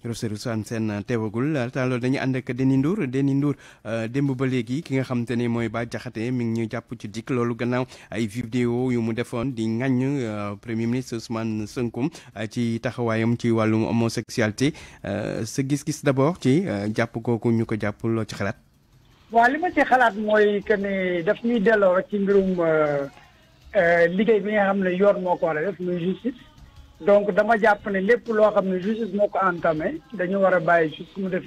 professeur Ousmane Sène euh, teewagul laataa loolu dañuy ànd ak Ndour Ndour euh, démb ba léegi ki nga xam te ne mooy mi ngi ñu jàpp ci dikk loolu gannaaw ay vidéo yu mu defoon di ŋàññ euh, premier ministre Ousmane Sonko ci taxawaayam ci wàllum homosexualité sa gis-gis d' abord ci jàpp kooku ñu ko jàpp loo ci xalaat. waaw li ma ci xalaat que ne daf ñuy delloo rek ci euh, euh, bi nga justice donc dama jàpp ne lépp justice moo ko dañu war justice mu def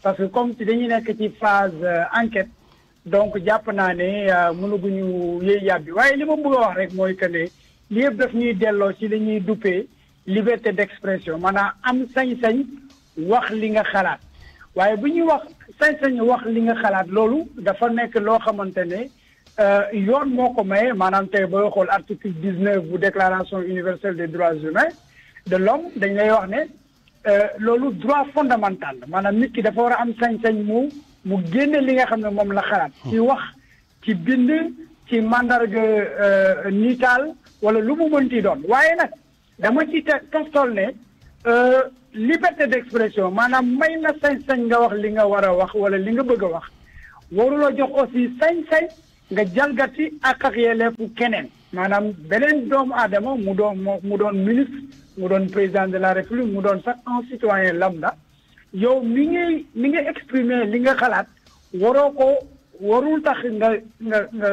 parce que comme dañuy phase euh, enquête donc jàpp naa ne mënaguñu yëy yàbbi waaye li bëgg wax que liberté d'expression waaye bu ñuy wax sañ sañ wax li nga xalaat loolu dafa nekk loo xamante ne euh, yoon moo ko maye maanaam tey booy xool article dix-neuf bu déclaration universelle des droits humains de l'homme dañ lay wax ne euh, loolu droit fondamental maanaam nit ki dafa war a am sañ-sañ mu mu génne li nga xam ne moom la xalaat hmm. ci wax ci bind ci mandarga euh, niitaal wala lu mu mënti doon waaye nag dama ci toftal ne liberté d'expression maanaam may na sañ-sañ nga wax li nga war a wax wala li nga bëgg a wax waruloo jox aussi sañ-sañ nga jalgati ak ak yelleefu keneen maanaam beneen doomu aadama mu doon mu doon ministre mu doon président de la république mu doon sax un citoyen lambda yow mi ngay mi ngay exprimer li nga xalaat waroo ko warul tax nga nga nga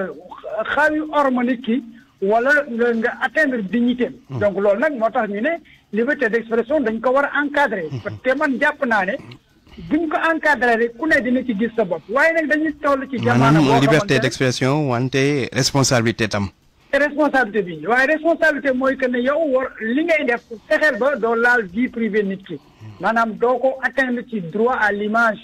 xaawi orma ki wala nga nga atteindre dignité hmm. donc loolu nag moo tax ñu ne liberté d'expression dañ ko war a encadrer. parce que man jàpp naa ne. buñ ko encadrer ku ne dina ci gis sa bopp waaye nag dañuy tollu ci. jamono boo liberté d'expression wante responsabilité tam. responsabilité bi waaye responsabilité mooy que ne yow war li ngay def fexeel ba doo laal vie privée nit ki hmm. maanaam doo ko atteindre ci droit à l'image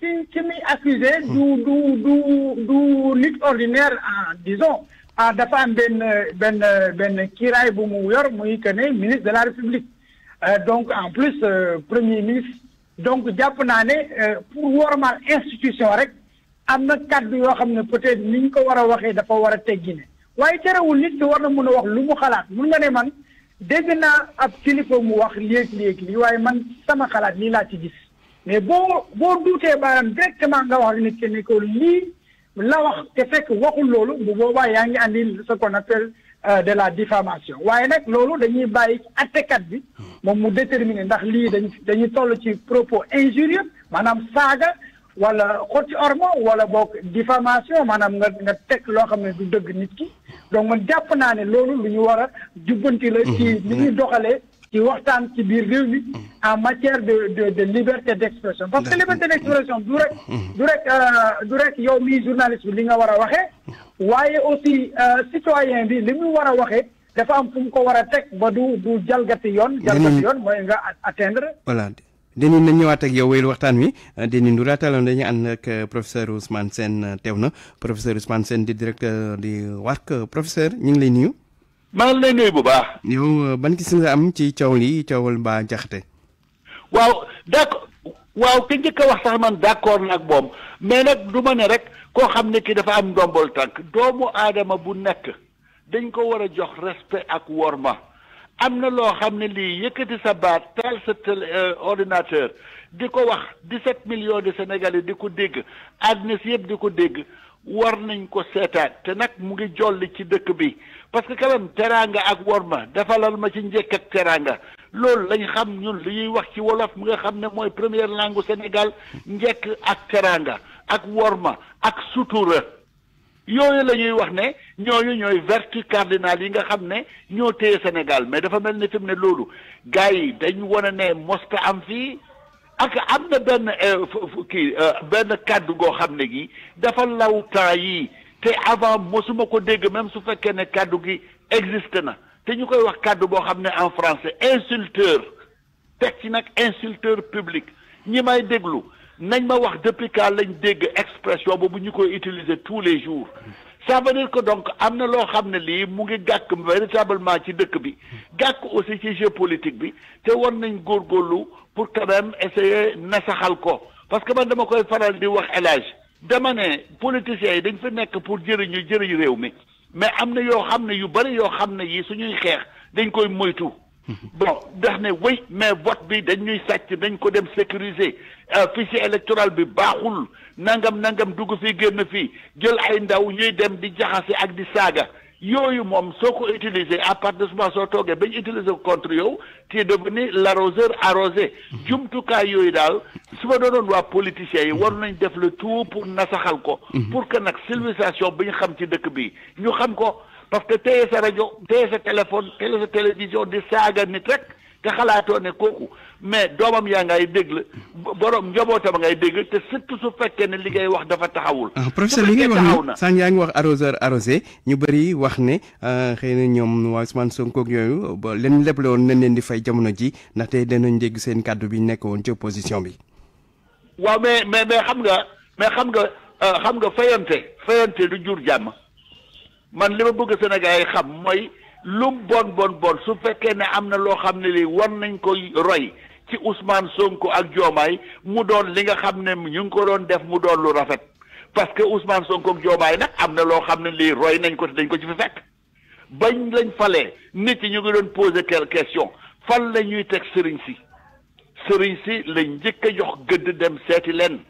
qui ki du du du du lit ordinaire en disons à ah, dafa Ben Ben Ben Kirai kiiraay bu mu yor muy que ne ministre de la république euh, donc en plus euh, premier ministre donc jàpp naa pour euh, pour wormaal institution rek amna cadre yo yoo ne peut-être ni ko wara a waxee dafa war a teggine waaye terewul nit war na mëna wax lu mu xalaat mun nga né man dégg na ab kilifa mu wax léeg-léeg li waaye man sama xalaat ni la ci gis mais bo boo duutee baaraam directement nga wax ni ki ne ko lii la wax té fekk waxul lolu bu boobaa ya nga andi ce qu'on appelle euh, de la diffamation waaye nak lolu dañuy bayyi ci attekat bi mom mu déterminer ndax li dañuy tollu ci propos injurieux manam saga wala xoti ormo wala bok diffamation manam nga nga teg loo xam du dëgg nit ki donc man japp naa ne loolu lu ñu wara a la ci li mhm. ñuy doxalee ci waxtaan ci biir réew bi mm. en matière de de de liberté d'expression parce que liberté d'expression du rek mm. euh, du rek yow mii journaliste bi li nga war a waxee mm. waaye aussi euh, citoyen bi li mu war a waxee dafa am fu mu ko war a teg ba du du jalgati yoon jalgati yoon mooy nga atteindre voilà Déni na ñëwaat ak yow wéyal waxtaan wi de Déni Ndour laataloon dañuy ànd ak euh, professeur Ousmane seen teew na professeur Ousmane seen di directeur di WARC professeur ñu ngi lay nuyu maa ngi lay nuyu bu baax. yow euh, ban gis nga am ci coow lii coowal Bah Diakhaté. waaw d'accord waaw ki njëkk wax sax man d'accord nag moom mais nag du ma ne rek koo xam ne ki dafa am ndombol tànk doomu aadama bu nekk dañ ko war a jox respect ak worma am na loo xam ne lii yëkkati sa baat taal sa euh, ordinateur di ko wax 17 million de Sénégalais di ko dégg àddina si yëpp di ko dégg. war nañ ko seetaat te nag mu ngi jolli ci dëkk bi parce que quand teraanga ak wor defalal ma ci njëkk ak teraanga loolu lañ xam ñun li ñuy wax ci wolof mu nga xam ne mooy première langue Sénégal njekk ak teraanga ak wor ma ak sutura yooyu la ñuy wax ne ñooñu ñooy vertu cardinal yi nga xam ne ñoo téye Sénégal mais dafa mel ni tam ne loolu gars yi dañ wane ne mosta am fii ak am na benn euh, kii euh, benn kàddu goo xam ne gi dafa law temps yii te avant mosuma ko dégg même su fekkee ne kàddu gi existe na te ñu koy wax kàddu boo xam ne en français insulteur teg ci nag insulteur public ñi may déglu nañ ma wax depuis quand lañ dégg expression boobu ñu koy utiliser tous les jours ça veut dire que donc am na loo xam ne lii mu ngi gàkk véritablement ci dëkk bi gàkk aussi ci jeu politique bi te war nañ góorlu pour quand même essayer nasaxal ko parce que man dama koy faral di wax élage dama ne politiciens yi dañ fi nekk pour jëriñu jëriñ réew mi mais am na yoo xam ne yu bari yoo xam ne yii suñuy xeex dañ koy moytu bon ndax ne wéy mais vote bi dañ ñuy sàcc dañ ko dem sécuriser euh, fichier électoral bi baaxul nangam nangam dugg fii génn fii jël ay ndaw ñuy dem di jaxase ak di saaga yooyu moom soo ko utiliser à partir soo toogee bañ utiliser ko contre yow tu es devenu l'arroseur arrosé jumtukaay yooyu daal su ma doonoon waa politiciens yi war nañ def le tout pour nasaxal ko mhm. pour que nag civilisation bi ñu xam ci dëkk bi ñu xam ko parce que téye sa rajo téye sa téléphone téye télévision di saaga nit rek te xalaatoo ne kooku mais doomam yaa ngay dégg la borom njabootam ngay dégg te surtout su fekkee ne li ngay wax dafa taxawul. Ah, professeur li ngay wax ni sànq yaa ngi wax arroseur arrosé ñu bëri wax ne ah, xëy na ñoom waa Ousmane Sonko yooyu ba leen leble woon nañ leen di fay jamono ji ndaxte danañ dégg seen kàddu bi nekk woon ci opposition bi. waaw mais mais mais xam nga mais xam nga ah, xam nga fayante fayante du jur jàmm. man li ma bëgg Sénégal yi xam mooy lu bon bon bon su fekkee ne am na loo xam ne lii war nañ koy roy ci Ousmane Sonko ak joomaay mu doon li nga xam ne ñu ngi ko doon def mu doon lu rafet parce que Ousmane Sonko ak Diomaye nag am na loo xam ne lii roy nañ ko te dañ ko ci fi fekk bañ lañ falee nit yi ñu ngi doon poser quelques question fan la ñuy teg sëriñ si sëriñ si lañ njëkk a jox gëdd dem seeti leen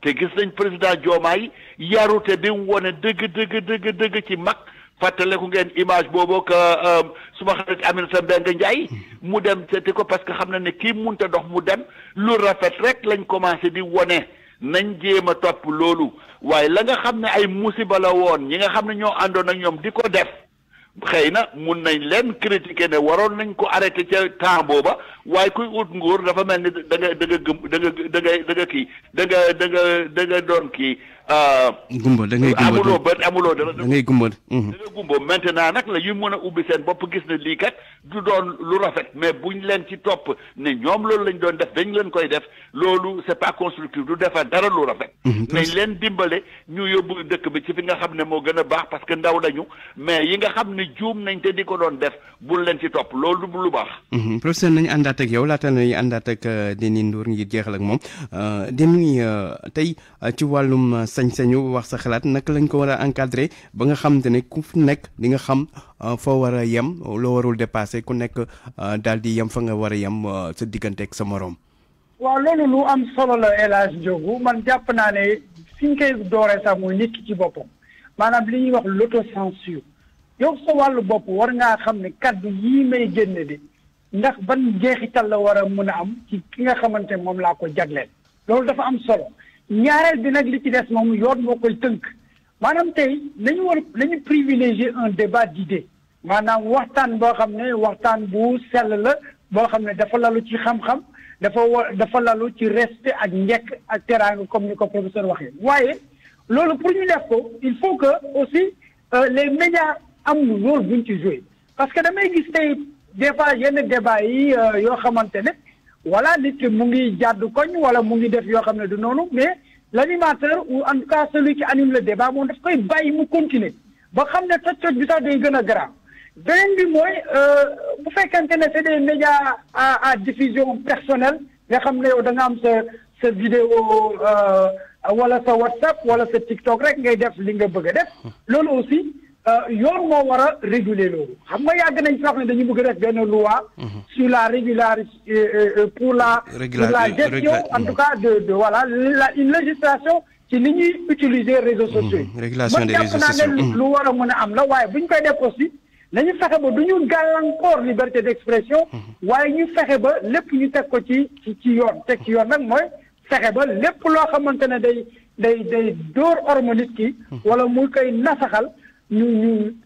te gis nañ président joomaay yarute bi mu wone dëgg dëgg ci mag ko ngeen image boobu que suma xarit Aminata Beng Ndiaye mu dem seeti ko parce que xam na ne kii munta dox mu dem lu rafet rek lañ commencé di wone nañ jéem a topp loolu waaye la nga xam ne ay musiba la woon ñi nga xam ne ñoo àndoon ak ñoom di ko def xëy na mun nañ leen critiquer ne waroon nañ ko arrêté ca temps booba waaye kuy ut nguur dafa mel ni da nga da nga da nga da nga da nga kii da nga da nga da nga doon kii gumba da ngay gumba amuloo bët amuloo da ngay gumba mhm. da nga gumba maintenant nag la ñu mën a ubbi seen bopp gis na lii kat du doon lu rafet mais buñ leen ci topp ne ñoom loolu lañ doon def dañ leen koy def loolu c'est pas du defar dara lu rafet mhm, leen dimbale ñu yóbbu dëkk bi ci fi nga xam ne moo gën a baax parce que ndaw lañu mais yi nga xam ne juum nañ te di ko doon def bul leen ci topp loolu du lu baax mhm. professeur nañu àndaat ak yow laata nañu àndaat ak euh, Déni Ndour ngi jeex ak moom euh, Déni euh, tey ci wàllum sañ-sañu wax sa xalaat naka lañ ko war a encadrer ba nga xamante ne ku fi nekk di nga xam euh, foo war a yem loo warul dépasé ku nekk euh, daal di yem fa nga war a yem euh, sa diggante ak sa moroom. waaw loolu lu am solo la El Hadj man jàpp naa ne fi ñu koy dooree sax muy nit ci boppam maanaam li ñuy wax l'autocensure yow sa wàllu bopp war ngaa xam ne kaddu yii may génne de ndax ban jeexital la war a mën a am ci ki nga xamante moom laa ko jagleel loolu dafa am ñaareel bi nag li ci des moom yoon moo koy tënk maanaam tey nañu war nañu privilégier un débat d'idées maanaam waxtaan boo xam ne waxtaan bu sell la boo xam ne dafa lalu ci xam-xam dafa wa dafa lalu ci respect ak njekk ak teraanga comme ni ko professeur waxee waaye loolu pour ñu def ko il faut que aussi euh, les médias am loolu buñ ci joué parce que damay gis tey des fois yenn débat yi euh, yoo xamante ne wala nit ki mu koñ wala mu def mais l'animateur ou en tout cas celui qui anime le débat moom daf koy bàyyi continuer ba xam ne day a euh, des médias à diffusion personnelle nga yow vidéo WhatsApp wala TikTok rek ngay def li nga bëgg hum. aussi euh, yoon moo war a réguler loolu xam nga yàgg nañ sax ne dañu bëgg def benn loi mhm. sur la régularité euh, euh, pour la pour la gestion en tout cas de de voilà la une législation ci li ñuy utiliser réseaux mhm. sociaux régulation des réseaux sociaux ne lu mhm. war a mën a am la waaye buñ koy def aussi nañu fexe ba du ñu gàllankoor liberté d'expression waaye ñu fexe ba lépp ñu teg ko ci ci yoon teg ci yoon nag mooy fexe ba lépp loo xamante ne day day day door hormonit ki wala muy koy nasaxal 牛牛。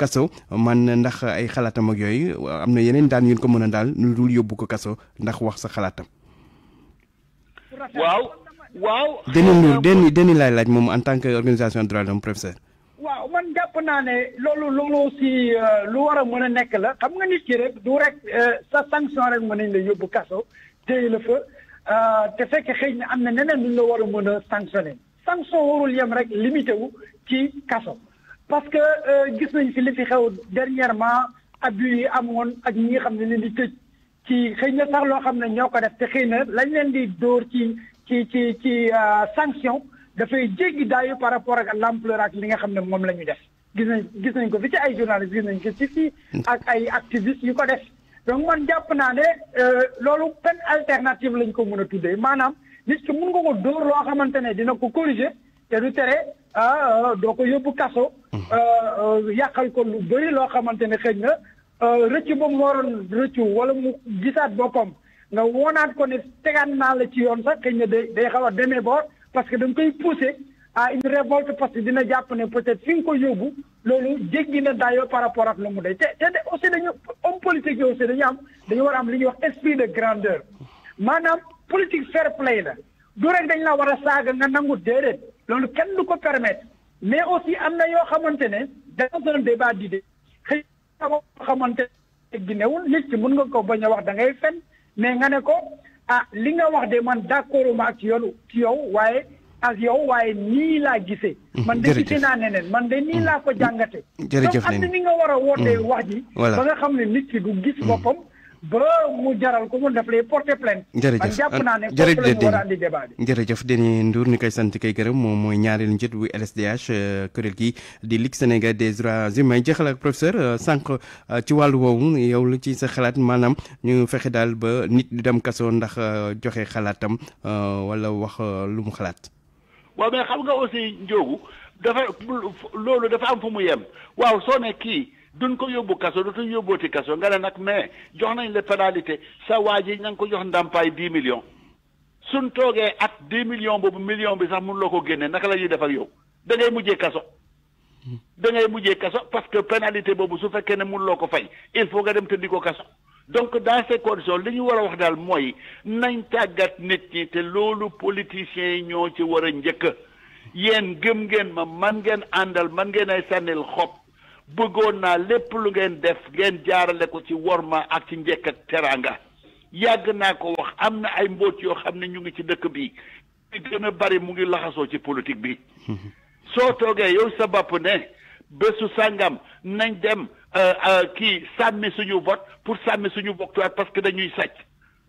kaso man ndax ay xalaatam ak yooyu am na yeneen daan yu ko mën a daal lu dul yóbbu ko kaso ndax wax sa xalaatam. waaw. Deni Ndour Deni Deni laay laaj moom en tant que organisation droits de professeur. waaw man jàpp naa ne loolu loolu aussi euh, lu war a mën a nekk la xam nga nit ki rek du rek euh, sa sanction rek mën nañ la yóbbu kaso téye la fa euh, te fekk xëy na am na neneen lu ñu la war a mën a sanctionné sanction warul yem rek limité ci kaso. parce que euh, gis nañ fi li fi xew dernièrement abus yi amoon ak ñi nga xam ne leen di tëj ci xëy na sax loo xam ne ñoo ko def te xëy na lañ leen di dóor ci ci ci ci euh, sanction dafay jéggi daayu par rapport ak l'ampleur ak li nga xam ne moom la ñu def gis nañ gis nañ ko fi ci ay journalistes gis nañ ko ci fii ak ay activistes yu ko def donc man jàpp naa ne euh, loolu pen alternative lañ ko mën a tuddee maanaam nit ki mën nga ko dóor loo xamante ne dina ko corriger te du tere ah, doo ko yóbbu kaso Euh, euh, yàqal ko lu bëri loo xamante ne xëy na euh, rëccu ba mu waroon rëccu wala mu gisaat boppam nga woonaat ko ne tegaat naa la ci yoon sax xëy na day day xaw a demee boor parce que da nga koy poussé à une révolte parce que dina jàpp ne peut-être fi ko yóbbu loolu jéggi na daayoo par rapport ak lu mu day te te aussi dañu homme politique yi aussi dañu am dañu war am li ñuy wax esprit de grandeur maanaam politique fair play la du rek dañ la war a saaga nga nangu déedéet loolu kenn du ko permettre mais aussi am na yoo xamante ne dans un débat d'idées xëy na yoo xamante ne newul nit ki mën nga ko bañ a wax da ngay fen mais nga ne ko ah li nga wax de man d'accord ma ak yoonu ci yow waaye ak yow waaye nii laa gisee. Mhm, man de gisee naa neneen man de nii laa ko mhm, jàngate. jërëjëf donc am na ni nga war a wootee mhm. wax ji. ba nga xam ne nit ki du gis boppam. ba mu jaral ko mu def lay porter plainte. jërëjëf jàpp naa ne foofu la ñu war a andi sant kay gërëm moom mooy ñaareelu njët bu LSDH euh, kuréel gi di Ligue Sénégal des droits may jeexal ak professeur euh, sànq euh, ci wàllu woowu yow lu ci sa xalaat maanaam ñu fexe daal ba nit du dem kaso ndax joxe xalaatam wala wax lu mu xalaat. waaw mais xam nga aussi Ndiogou dafa loolu dafa am fu mu yem waaw soo ne duñ ko yóbbu kaso dootu yóbbooti kaso nga ne nag mais jox nañ la pénalité sa waa ji na nga ko jox ndàmpaay di million suñ toogee at dix million boobu million bi sax mun loo ko génne naka la ñuy def yow da ngay mujjee kaso da ngay mujjee kaso parce que pénalité boobu su fekkee ne mun loo ko fay il faut nga dem tëddi ko kaso donc dans ces conditions li ñu war a wax daal mooy nañ tàggat nit ñi te loolu politiciens yi ñoo ci war a njëkk yéen gëm ngeen ma man ngeen àndal man ngeen ay sànnil xob bëggoon naa lépp lu ngeen def ngeen jaarale ko ci worma ak ci njekk ak teraanga yàgg naa ko wax am na ay mbóot yoo xam ne ñu ngi ci dëkk bi li gën a bari mu ngi laxasoo ci politique bi soo toogee yow sa bopp ne bésu sàngam nañ dem euh, euh, kii sàmmi suñu vote pour sàmmi suñu boktuwaat parce que dañuy sàcc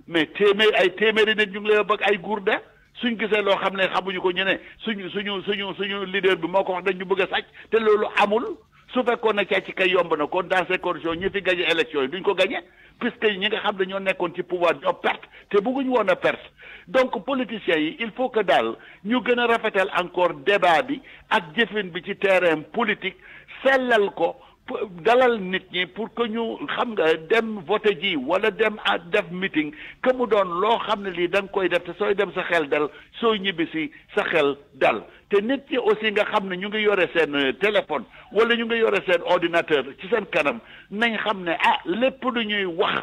mais téeméer ay téeméeri nit ñu ngi lay bëgg ay de suñ gisee loo xam ne xamuñu ko ñu ne suñu suñu suñu suñu leader bi moo ko wax ñu bëgg a sàcc te loolu amul su fekkoon ne càcc kay yomb na kon dans ces conditions ñi fi gagné élection yi duñ ko gagné puisque ñi nga xam ne ñoo nekkoon ci pouvoir ñoo perte te bëgguñ woon a perte donc politiciens yi il faut que daal ñu gën a rafetal encore débat bi ak jëfin bi ci terrain politique sellal ko. pour dalal nit ñi pour que ñu xam nga dem voté ji wala dem def meeting que mu doon loo xam ne lii da nga koy def te sooy dem sa xel dal sooy ñibbisi sa xel dal te nit ñi aussi nga xam ne ñu ngi yore seen euh, téléphone wala ñu ngi yore seen ordinateur ci seen kanam nañ xam ne ah lépp lu ñuy wax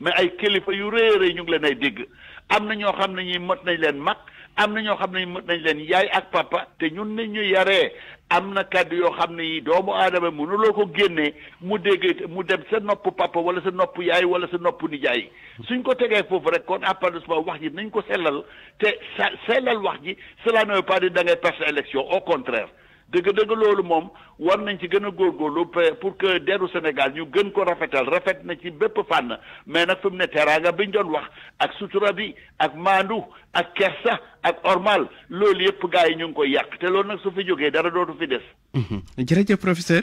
mais ay kilifa yu réere ñu ngi leen ay dégg am na ñoo xam ne ñi mat nañ leen mag am na ñoo xam ne dañ leen yaay ak papa te ñun nañ ñu yaree am na kàddu yoo xam ne yi doomu aadama loo ko génnee mu dégg mu dem sa nopp papa wala sa nopp yaay wala sa nopp nijaay suñ ko tegee foofu rek kon appartement wax ji nañ ko sellal te sa sellal wax ji cela ne veut pas dire da ngay perte élection au contraire dëgg-dëgg loolu moom war nañ ci gën a góorgóorlu pour que deru Sénégal ñu gën ko rafetal rafet na ci bépp fànn mais nag fi mu ne teraanga bi ñu doon wax ak sutura bi ak maandu ak kersa ak ormal loolu yëpp gars yi ñu ngi koy yàq te loolu nag su fi jógee dara dootu fi des. Mhm. jërëjëf professeur.